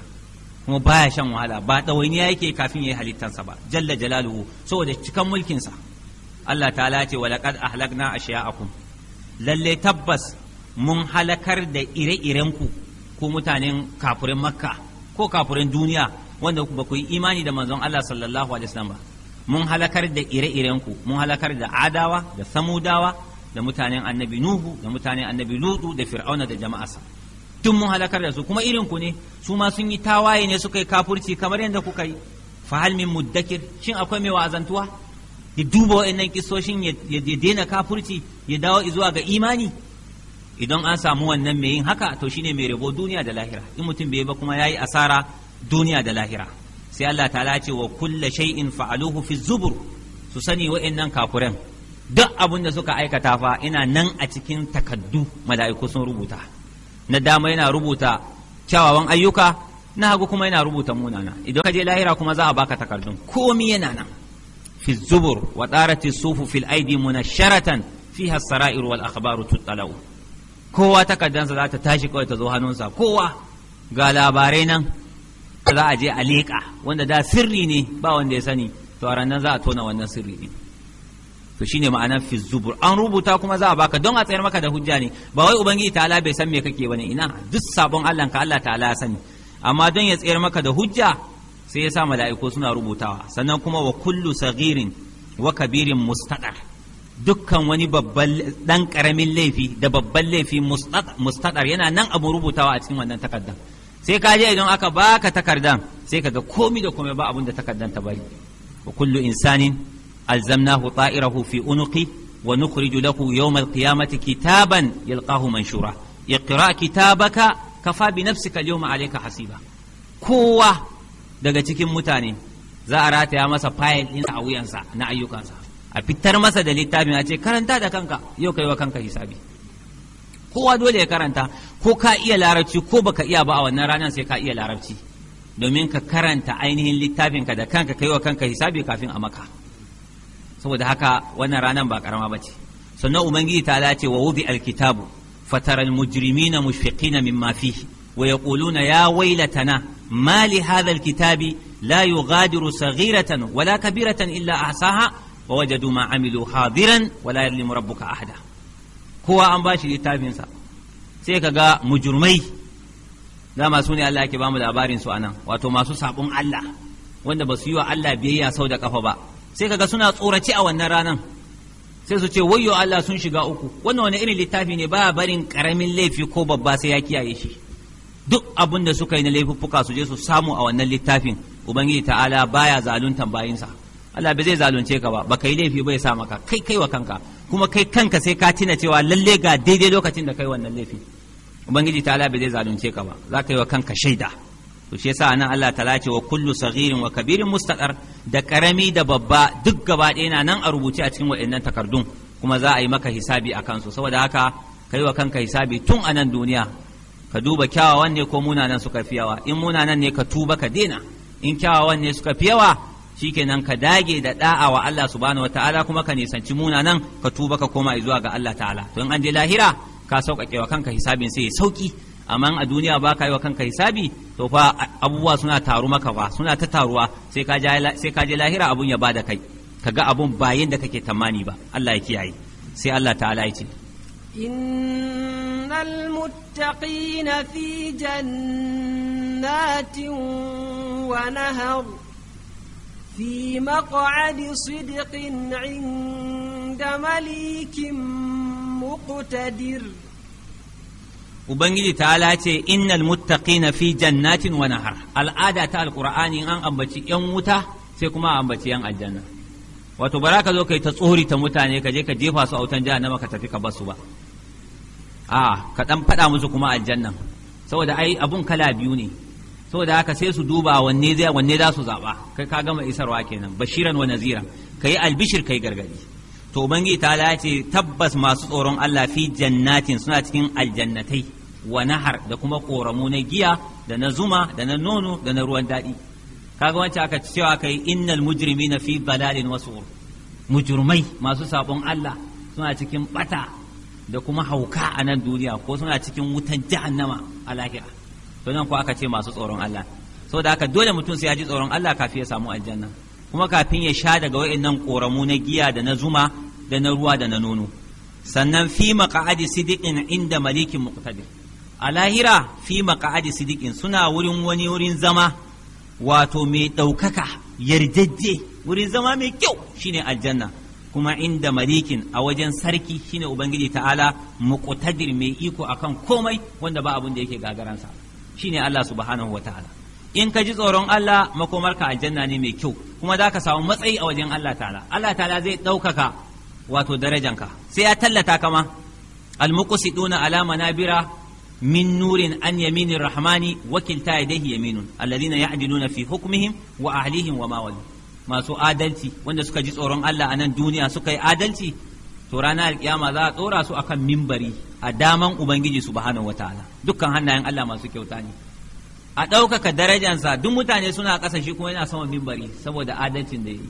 kuma baya shan wahala ba ɗawainiya yake kafin ya yi halittansa ba jalla jalaluhu saboda cikan mulkinsa Allah ta'ala ce wa laqad ahlakna ashiya'akum lalle tabbas mun halakar da ire-irenku ko mutanen kafurin makka ko kafurin duniya wanda ba ku yi imani da manzon Allah sallallahu alaihi wasallam ba mun halakar da ire-irenku mun halakar da adawa da samudawa da mutanen annabi nuhu da mutanen annabi lutu da fir'auna da jama'arsa tun mun halakar da su kuma irin ku ne su ma sun yi tawaye ne suka yi kafurci kamar yadda kuka yi fa hal min muddakir shin akwai mai wa'azantuwa ya duba wa'annan kisoshin ya daina kafurci ya dawo zuwa ga imani idan an samu wannan mai yin haka to shine mai rabo duniya da lahira in mutum bai ba kuma yayi asara duniya da lahira sai Allah ta ce wa kulle shay'in fa'aluhu fi zubur su sani wa'annan kafuran duk abin da suka aikata fa ina nan a cikin takaddu mala'iku sun rubuta na dama yana rubuta kyawawan ayyuka na hagu kuma yana rubuta munana idan ka je lahira kuma za a baka takardun komi yana nan fi zubur wa tsarati sufu fil aidi munasharatan fiha sara'ir wal akhbaru tuttala'u kowa takardansa za ta tashi kawai ta zo hannunsa kowa ga labarai nan za a je a leƙa wanda da sirri ne ba wanda ya sani to a ranar za a tona wannan sirri ne to shine ma'anar fi zubur an rubuta kuma za a baka don a tsayar maka da hujja ne ba wai ubangiji ta'ala bai san me kake bane ina duk sabon Allah ka Allah ta'ala sani amma don ya tsayar maka da hujja sai ya sa mala'iku suna rubutawa sannan kuma wa kullu saghirin wa kabirin mustaqar dukkan wani babban dan karamin laifi da babban laifi mustaqar yana nan abu rubutawa a cikin wannan takardar sai ka je idan aka baka takardan sai ka ga komi da komai ba abin da takardan ta bari wa kullu insanin alzamnahu ta'irahu fi unuqi wa nukhriju lahu yawm alqiyamati kitaban yalqahu manshura iqra kitabaka kafa bi nafsika alyawma alayka hasiba kowa daga cikin mutane za a rataya masa fayil ɗinsa a wuyansa na ayyukansa a fitar masa da littafin a ce karanta da kanka yau kai wa kanka hisabi kowa dole ya karanta ko ka iya larabci ko baka iya ba a wannan ranar sai ka iya larabci domin ka karanta ainihin littafin ka da kanka kai wa kanka hisabi kafin a maka saboda haka wannan ranar ba karama ba ce sannan ubangiji ta ce wa wudi alkitabu fatara almujrimina mushfiqina mimma fihi wa yaquluna ya waylatana ma li hadha alkitabi la yughadiru saghiratan wala kabiratan illa ahsaha wa wajadu ma amilu hadiran wala yadlimu rabbuka ahada kowa an ba shi littafinsa sai ka ga mujurmai za masu ne Allah yake ba mu labarin su anan wato masu sabon Allah wanda ba su yi wa Allah biyayya sau da kafa ba sai kaga suna tsoraci a wannan ranan sai su ce wayyo Allah sun shiga uku wannan wani irin littafi ne ba barin karamin laifi ko babba sai ya kiyaye shi duk abin da suka yi na laifuffuka su je su samu a wannan littafin ubangiji ta'ala baya zaluntan bayinsa Allah bai zai zalunce ka ba baka yi laifi bai sa maka kai kai wa kanka kuma kai kanka sai ka tina cewa lalle ga daidai lokacin da kai wannan laifin ubangiji ta bai zai zalunce ka ba za ka yi wa kanka shaida to shi yasa nan Allah ta ce wa kullu saghirin wa kabirin mustaqar da karami da babba duk gaba ɗaya na nan a rubuce a cikin waɗannan takardun kuma za a yi maka hisabi a kansu saboda haka kai wa kanka hisabi tun a nan duniya ka duba kyawawan ne ko munanan suka fi yawa in munanan ne ka tuba ka daina in kyawawan ne suka fi yawa shikenan ka dage da da'a wa Allah subhanahu wataala kuma ka nisanci munanan ka tuba ka koma zuwa ga Allah ta'ala to in an je lahira ka sauƙaƙe wa kanka hisabin sai ya sauki amma a duniya ba ka yi wa kanka hisabi to fa abubuwa suna taru maka ba suna ta taruwa sai ka je lahira abun ya bada kai ka ga abun bayan da kake tamani ba Allah ya kiyaye sai Allah ta'ala ya ce innal muttaqina fi jannatin wa في مقعد صدق عند مليك مقتدر Ubangiji ta lace innal muttaqina fi jannatin wa nahar al'ada ta alqur'ani an ambaci yan wuta sai kuma ambaci yan aljanna wato bara ka zo kai ta tsori ta mutane ka je ka jefa su a wutan jahannama ka tafi ka basu ba a ka dan faɗa musu kuma aljannan saboda ai abun kala biyu ne saboda haka sai su duba wanne zai wanne za su zaba kai ka gama isarwa kenan bashiran wa nazira kai albishir kai gargadi to ubangiji ta ce tabbas masu tsoron Allah fi jannatin suna cikin aljannatai wa nahar da kuma koramu na giya da na zuma da na nono da na ruwan daɗi kaga wancan aka cewa kai innal mujrimina fi dalalin wasu mujurmai masu sabon Allah suna cikin bata da kuma hauka a nan duniya ko suna cikin wutan jahannama a lahira to nan ko aka ce masu tsoron Allah saboda haka dole mutum sai ya ji tsoron Allah kafin ya samu aljanna kuma kafin ya sha daga wa'annan koramu na giya da na zuma da na ruwa da na nono sannan fi maqa'adi sidiqin inda malikin muqtadir a lahira fi maqa'adi sidiqin suna wurin wani wurin zama wato mai ɗaukaka yardajje wurin zama mai kyau shine aljanna kuma inda malikin a wajen sarki shine ubangiji ta'ala muqtadir mai iko akan komai wanda ba abun da yake gagaransa shine Allah subhanahu ta'ala in ka ji tsoron Allah makomarka aljanna ne mai kyau kuma za ka samu matsayi a wajen Allah ta'ala Allah ta'ala zai ɗaukaka wato darajanka sai ya tallata kama almuqsiduna ala manabira min nurin an yaminir rahmani wakilta yadayhi yaminun alladhina ya'diluna fi hukmihim wa ahlihim wa ma masu adalci wanda suka ji tsoron Allah a nan duniya suka yi adalci to ranar alkiyama za a tsora su akan mimbari a daman ubangiji subhanahu wataala dukkan hannayen Allah masu kyauta ne a ɗaukaka darajansa duk mutane suna ƙasa shi kuma yana sama mimbari saboda adalcin da yi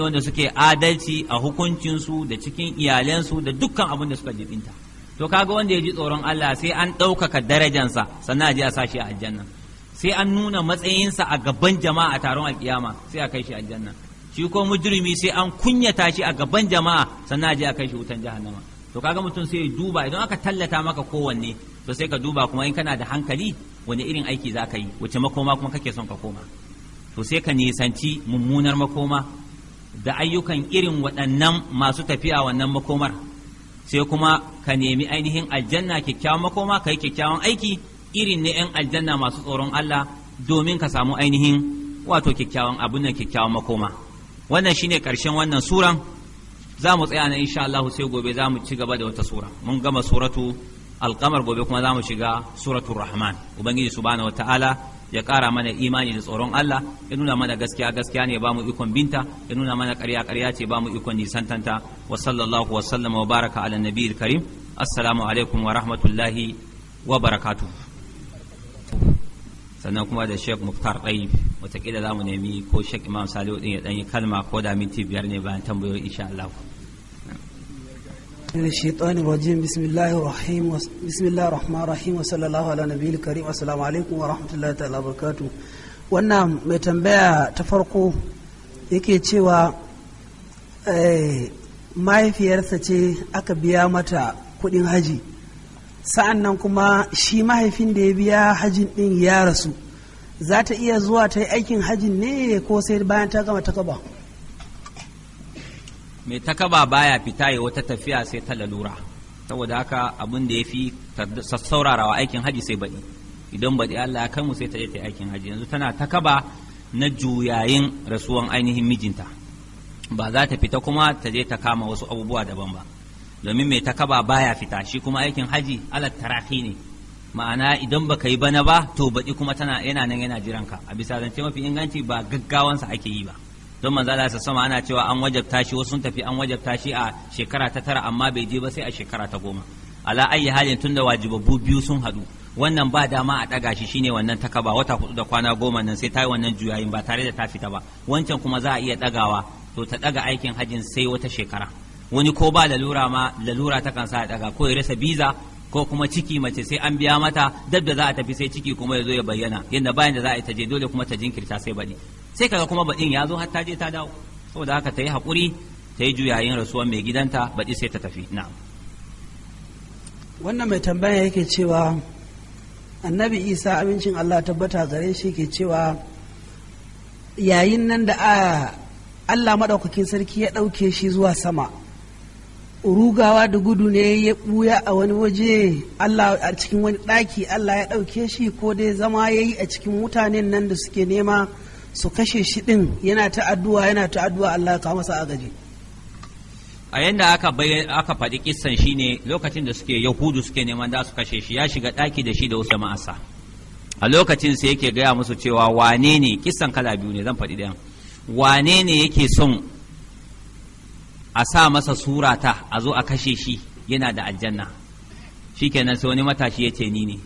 wanda suke adalci a hukuncinsu da cikin iyalensu da dukkan abin da suka jibinta to kaga wanda ya ji tsoron Allah sai an ɗaukaka darajansa sannan a je a sashi a aljanna sai an nuna matsayinsa a gaban jama'a a taron alkiyama sai a kai shi aljanna shi ko mujrimi sai an kunyata shi a gaban jama'a sannan aje a kai shi wutan jahannama to kaga mutum sai ya duba idan aka tallata maka kowanne to sai ka duba kuma in kana da hankali wani irin aiki za ka yi wace makoma kuma kake son ka koma to sai ka nisanci mummunar makoma da ayyukan irin waɗannan masu tafiya wannan makomar sai kuma ka nemi ainihin aljanna kyakkyawan makoma ka yi kyakkyawan aiki irin na 'yan aljanna masu tsoron Allah domin ka samu ainihin wato kyakkyawan abin nan kyakkyawan makoma wannan shine karshen wannan suran za mu tsaya na insha Allah sai gobe za mu ci gaba da wata sura mun gama suratu alkamar gobe kuma za mu shiga suratul rahman ubangiji subhanahu wataala ya kara mana imani da tsoron Allah ya nuna mana gaskiya gaskiya ne ba mu ikon binta ya nuna mana ƙarya ƙarya ce ba mu ikon nisantanta wa sallallahu wa sallama wa baraka ala nabiyil karim assalamu alaikum wa rahmatullahi wa barakatuh sannan kuma da sheikh muktar ɗai watakila za mu nemi ko sheikh imam salihu ɗin ya ɗanyi kalma ko da minti biyar ne bayan tambayoyi insha Allah. wannan mai tambaya ta farko yake cewa eh, mahaifiyarsa ce aka biya mata kuɗin haji sa'an nan kuma shi mahaifin da ya biya hajin ɗin ya rasu za ta iya zuwa ta yi aikin hajji ne ko sai bayan ta gama takaba mai takaba baya fita ya wata tafiya sai ta lalura saboda haka abin da ya fi sassaurarawa aikin haji sai baɗi idan baɗi Allah ya kanmu sai ta je ta aikin hajji yanzu tana takaba na juyayin rasuwan ainihin mijinta ba za ta fita kuma ta je ta kama wasu abubuwa daban ba domin mai takaba baya fita shi kuma aikin haji alat tarahi ne ma'ana idan baka yi bana ba to baki kuma tana yana nan yana jiran ka a bisa zance mafi inganci ba gaggawansa ake yi ba don manzo Allah ya sama ana cewa an wajabta shi wasu sun tafi an wajabta shi a shekara ta tara amma bai je ba sai a shekara ta goma ala ayi halin da wajibabu biyu sun haɗu wannan ba dama a ɗaga shi shine wannan takaba wata hudu da kwana goma nan sai ta yi wannan juyayin ba tare da ta fita ba wancan kuma za a iya dagawa to ta daga aikin hajin sai wata shekara wani ko ba lalura ma lalura ta kansa a daga ko ya rasa biza ko kuma ciki mace sai an biya mata dab da za a tafi sai ciki kuma ya zo ya bayyana yadda bayan da za a yi ta je dole kuma ta jinkirta sai baɗi sai kaga kuma baɗin ya zo har ta je ta dawo saboda haka ta yi haƙuri ta yi juyayin rasuwa mai gidanta baɗi sai ta tafi na'am wannan mai tambaya yake cewa annabi isa amincin allah tabbata gare shi ke cewa yayin nan da allah maɗaukakin sarki ya ɗauke shi zuwa sama rugawa da gudu ne ya buya a wani waje Allah a cikin wani ɗaki Allah ya ɗauke shi ko dai zama ya yi a cikin mutanen nan da suke nema su kashe shi ɗin yana ta addu'a yana ta addu'a Allah ya kawo masa agaji a yanda aka aka faɗi kissan shine lokacin da suke yahudu suke neman da su kashe shi ya shiga ɗaki da shi da wasu ma'asa a lokacin sai yake gaya musu cewa wane ne kissan kala biyu ne zan faɗi ɗayan wane ne yake son a sa masa surata a zo a kashe shi yana da aljanna kenan sai wani matashi ya ce ni ne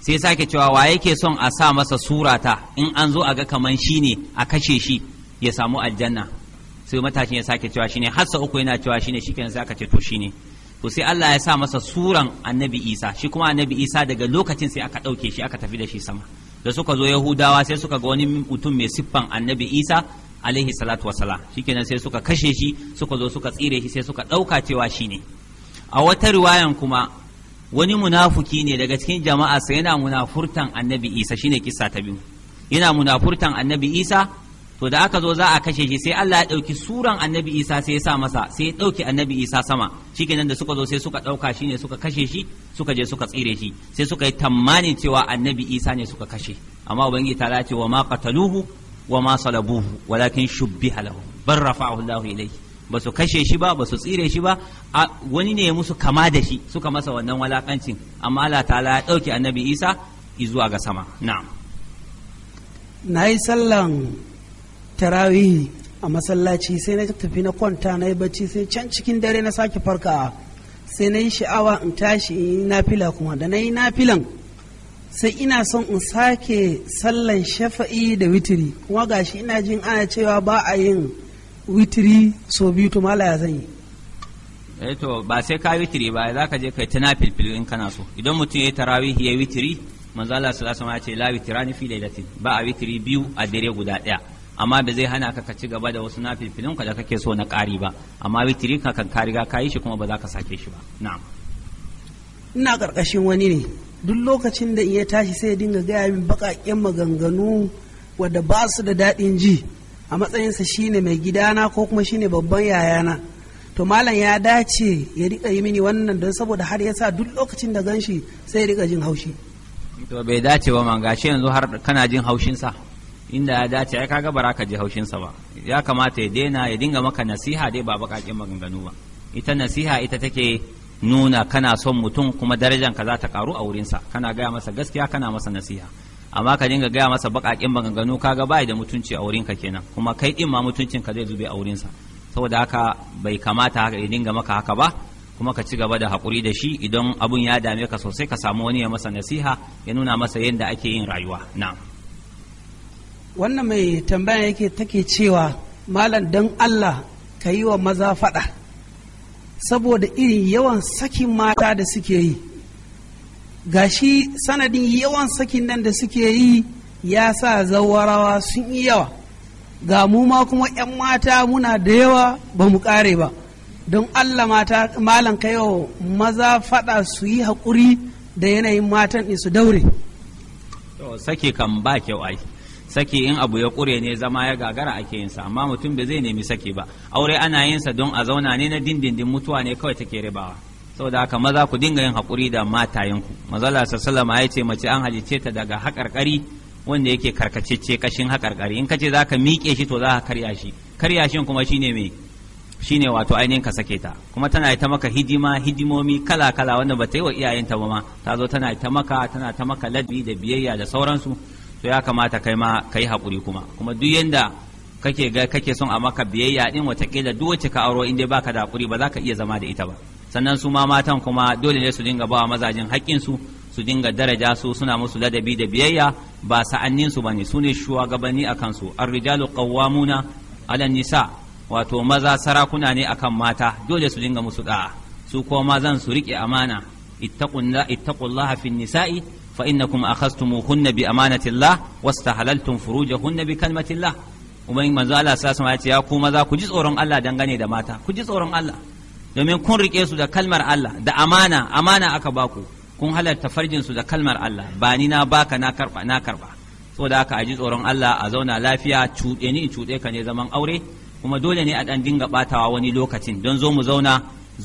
sai sake cewa wa yake son a sa masa surata in an zo a ga kaman shi ne a kashe shi ya samu aljanna sai matashin ya sake cewa shi ne. hassa uku yana cewa shi ne shi kenan sai aka ce to shi ne. to sai Allah ya sa masa suran annabi Isa shi kuma annabi Isa daga lokacin sai aka ɗauke shi aka tafi da shi sama da suka zo Yahudawa sai suka ga wani mutum mai siffan annabi Isa alaihi salatu wassalam shikenan sai suka kashe shi suka zo suka tsire shi sai suka ɗauka cewa shi ne a wata riwayan kuma wani munafuki ne daga cikin jama'a sai yana munafurtan annabi isa shine kissa ta biyu yana munafurtan annabi isa to da aka zo za a kashe shi sai Allah ya ɗauki suran annabi isa sai ya sa masa sai ya ɗauki annabi isa sama shikenan da suka zo sai suka ɗauka shi ne suka kashe shi suka je suka tsire shi sai suka yi tamanin cewa annabi isa ne suka kashe amma ubangiji ta ce wa ma qataluhu wa ma salabuhu walakin shubbiha lahu bar rafa'ahu Allahu ilayhi ba su kashe shi ba ba su tsire shi ba wani ne musu kama da shi suka masa wannan walakancin amma Allah ta'ala ya dauke annabi Isa zuwa ga sama na'am na yi sallan tarawih a masallaci sai na tafi na kwanta na yi bacci sai can cikin dare na sake farka sai na yi sha'awa in tashi in yi nafila kuma da na yi nafilan sai ina son in sake sallan shafa'i da witiri kuma gashi ina jin ana cewa ba a yin witiri so biyu to mala ya zanyi eh to ba sai ka witiri ba za ka je kai tana nafilfil in kana so idan mutum ya tarawih ya witiri manzo Allah sallallahu alaihi wasallam ya ce la fi ba a witiri biyu a dare guda daya amma da zai hana ka ka ci gaba da wasu nafilfilin ka da kake so na ƙari ba amma witiri ka kan ka riga ka yi shi kuma ba za ka sake shi ba na'am ina karkashin wani ne duk lokacin da iya tashi sai ya dinga gaya min baƙaƙen maganganu wadda ba su da daɗin ji a matsayinsa shine mai gidana ko kuma shine babban yayana to malam ya dace ya riƙa yi mini wannan don saboda har ya sa duk lokacin da ganshi sai ya riƙa jin haushi to bai dace ba man gashi yanzu har kana jin haushinsa inda ya dace ai kaga bara ka ji haushinsa ba ya kamata ya daina ya dinga maka nasiha dai ba baƙaƙen maganganu ba ita nasiha ita take nuna kana son mutum kuma ka za ta karu a wurinsa kana gaya masa gaskiya kana masa nasiha amma ka dinga gaya masa baƙaƙin maganganu kaga bai da mutunci a wurinka kenan kuma kai ɗin ma mutuncin ka zai zube a wurinsa saboda haka bai kamata haka ya dinga maka haka ba kuma ka ci gaba da hakuri da shi idan abun ya dame ka sosai ka samu wani ya masa nasiha ya nuna masa yadda ake yin rayuwa na. wannan mai tambaya yake take cewa malam dan Allah ka yi wa maza faɗa saboda irin yawan sakin mata da suke yi ga shi sanadin yawan sakin nan da suke yi ya sa zawarawa sun yi yawa ga mu ma kuma 'yan mata muna da yawa ba mu kare ba don allah mata malan yau maza fada su yi haƙuri da yanayin matan su daure Saki kan ba kyau ai saki in abu ya kure ne zama ya gagara ake yinsa amma mutum bai zai nemi saki ba aure ana yinsa don a zauna ne na dindindin mutuwa ne kawai take ribawa saboda haka maza ku dinga yin haƙuri da matayenku mazala sallama ya ce mace an halicce ta daga haƙarƙari wanda yake karkacecce kashin haƙarƙari in ka ce za ka miƙe shi to za ka karya shi karya shi kuma shine me shine wato ainihin ka sake ta kuma tana ta maka hidima hidimomi kala kala wanda ba ta yi wa iyayenta ba ma ta zo tana ta maka tana ta maka ladabi da biyayya da sauransu to ya kamata kai ma ka yi haƙuri kuma kuma duk yanda kake ga kake son a maka biyayya din watakila duk wacce ka auro in dai baka da haƙuri ba za ka iya zama da ita ba sannan su ma matan kuma dole ne su dinga ba mazajin haƙƙin su su dinga daraja su suna musu ladabi da biyayya ba sa'annin su bane su ne shugabanni akan su ar-rijalu qawwamuna 'ala nisa wato maza sarakuna ne akan mata dole su dinga musu da su ko mazan su rike amana ittaqullaha fin nisa'i فإنكم أخذتموهن بأمانة الله واستحللتم فروجهن بكلمة الله ومن من زال أساس ما يتيا كوما ذا كجز أورم الله دنغني دماتا كجز أورم الله domin kun riƙe su da kalmar Allah da amana amana aka baku kun halarta farjin su da kalmar Allah bani na baka na karba na karba saboda haka aji tsoron Allah a zauna lafiya cuɗe ni ka ne zaman aure kuma dole ne a dan dinga batawa wani lokacin don zo mu zauna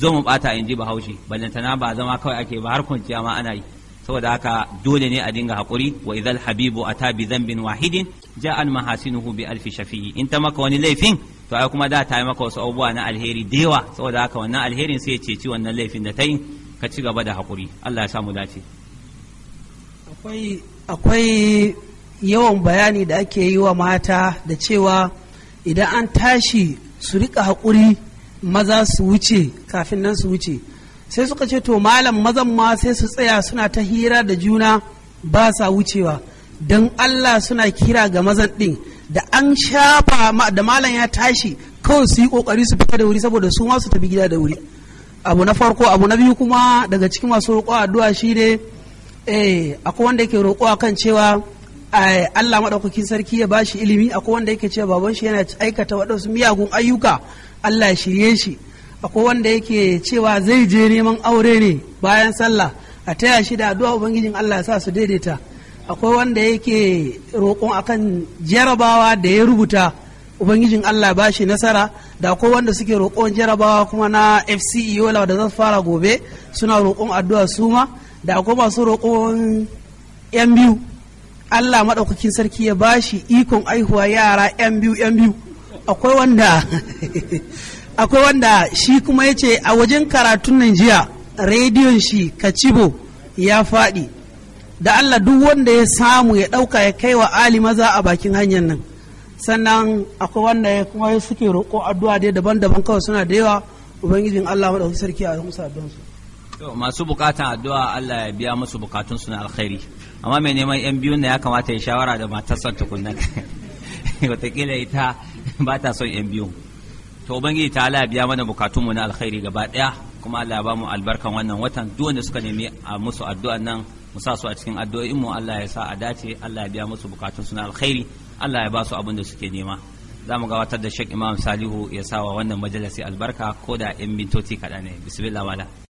zo mu bata in ji bahaushe ballantana ba zama kawai ake ba har kwanciya ma ana yi saboda haka dole ne a dinga hakuri wa idhal habibu ata bi dhanbin wahidin ja'an mahasinuhu bi alfi shafi'i in ta maka wani laifin to ai kuma da ta yi maka wasu abubuwa na alheri da yawa saboda haka wannan alherin sai ya ceci wannan laifin da ta yi ka ci gaba da hakuri Allah ya samu dace akwai akwai yawan bayani da ake yi wa mata da cewa idan an tashi su rika hakuri maza su wuce kafin nan su wuce sai suka ce to malam mazan ma sai su tsaya suna ta hira da juna ba sa wucewa don Allah suna kira ga mazan din da an shafa da malam ya tashi kawai su yi ƙoƙari su fita da wuri saboda su ma su tafi gida da wuri abu na farko abu na biyu kuma daga cikin masu roƙo addu'a shine eh akwai wanda yake roƙo kan cewa eh, Allah maɗaukakin sarki ya bashi ilimi akwai wanda yake cewa baban shi yana aikata waɗansu miyagun ayyuka Allah ya shirye shi akwai wanda yake cewa zai je neman aure ne bayan sallah a taya shi da addu'a ubangijin Allah ya sa su daidaita akwai wanda yake roƙon akan jarabawa da ya rubuta ubangijin Allah ba shi nasara da akwai wanda suke roƙon jarabawa kuma na FCE yola da za su fara gobe suna roƙon addu'a su ma da akwai masu roƙon yan biyu Allah maɗaukakin sarki ya bashi ikon aihuwa yara yan biyu yan biyu akwai wanda [LAUGHS] akwai wanda shi kuma ya ce a wajen karatun nan jiya rediyon shi kacibo ya faɗi da allah duk wanda ya samu ya ɗauka ya kai wa ali maza a bakin hanyar nan sannan akwai wanda ya kuma suke roƙo addu'a dai daban-daban kawai suna da yawa ubangijin allah maɗauki sarki a musu addu'ansu masu bukatan addu'a Allah ya biya musu bukatun su na alkhairi amma mai neman yan biyun na ya kamata ya shawara da matarsa tukunna [LAUGHS] wataƙila ita ba ta son yan biyun to ubangiji ta ala biya mana bukatunmu na alkhairi gaba daya kuma Allah ya bamu albarkan wannan watan duk wanda suka nemi a musu addu'an nan mu sa su a cikin addu'o'in mu Allah ya sa a dace Allah ya biya musu bukatun su na alkhairi Allah ya ba su abin da suke nema za mu gabatar da Sheikh Imam Salihu ya sa wa wannan majalisi albarka ko da 'yan mintoci kaɗan ne bismillah wala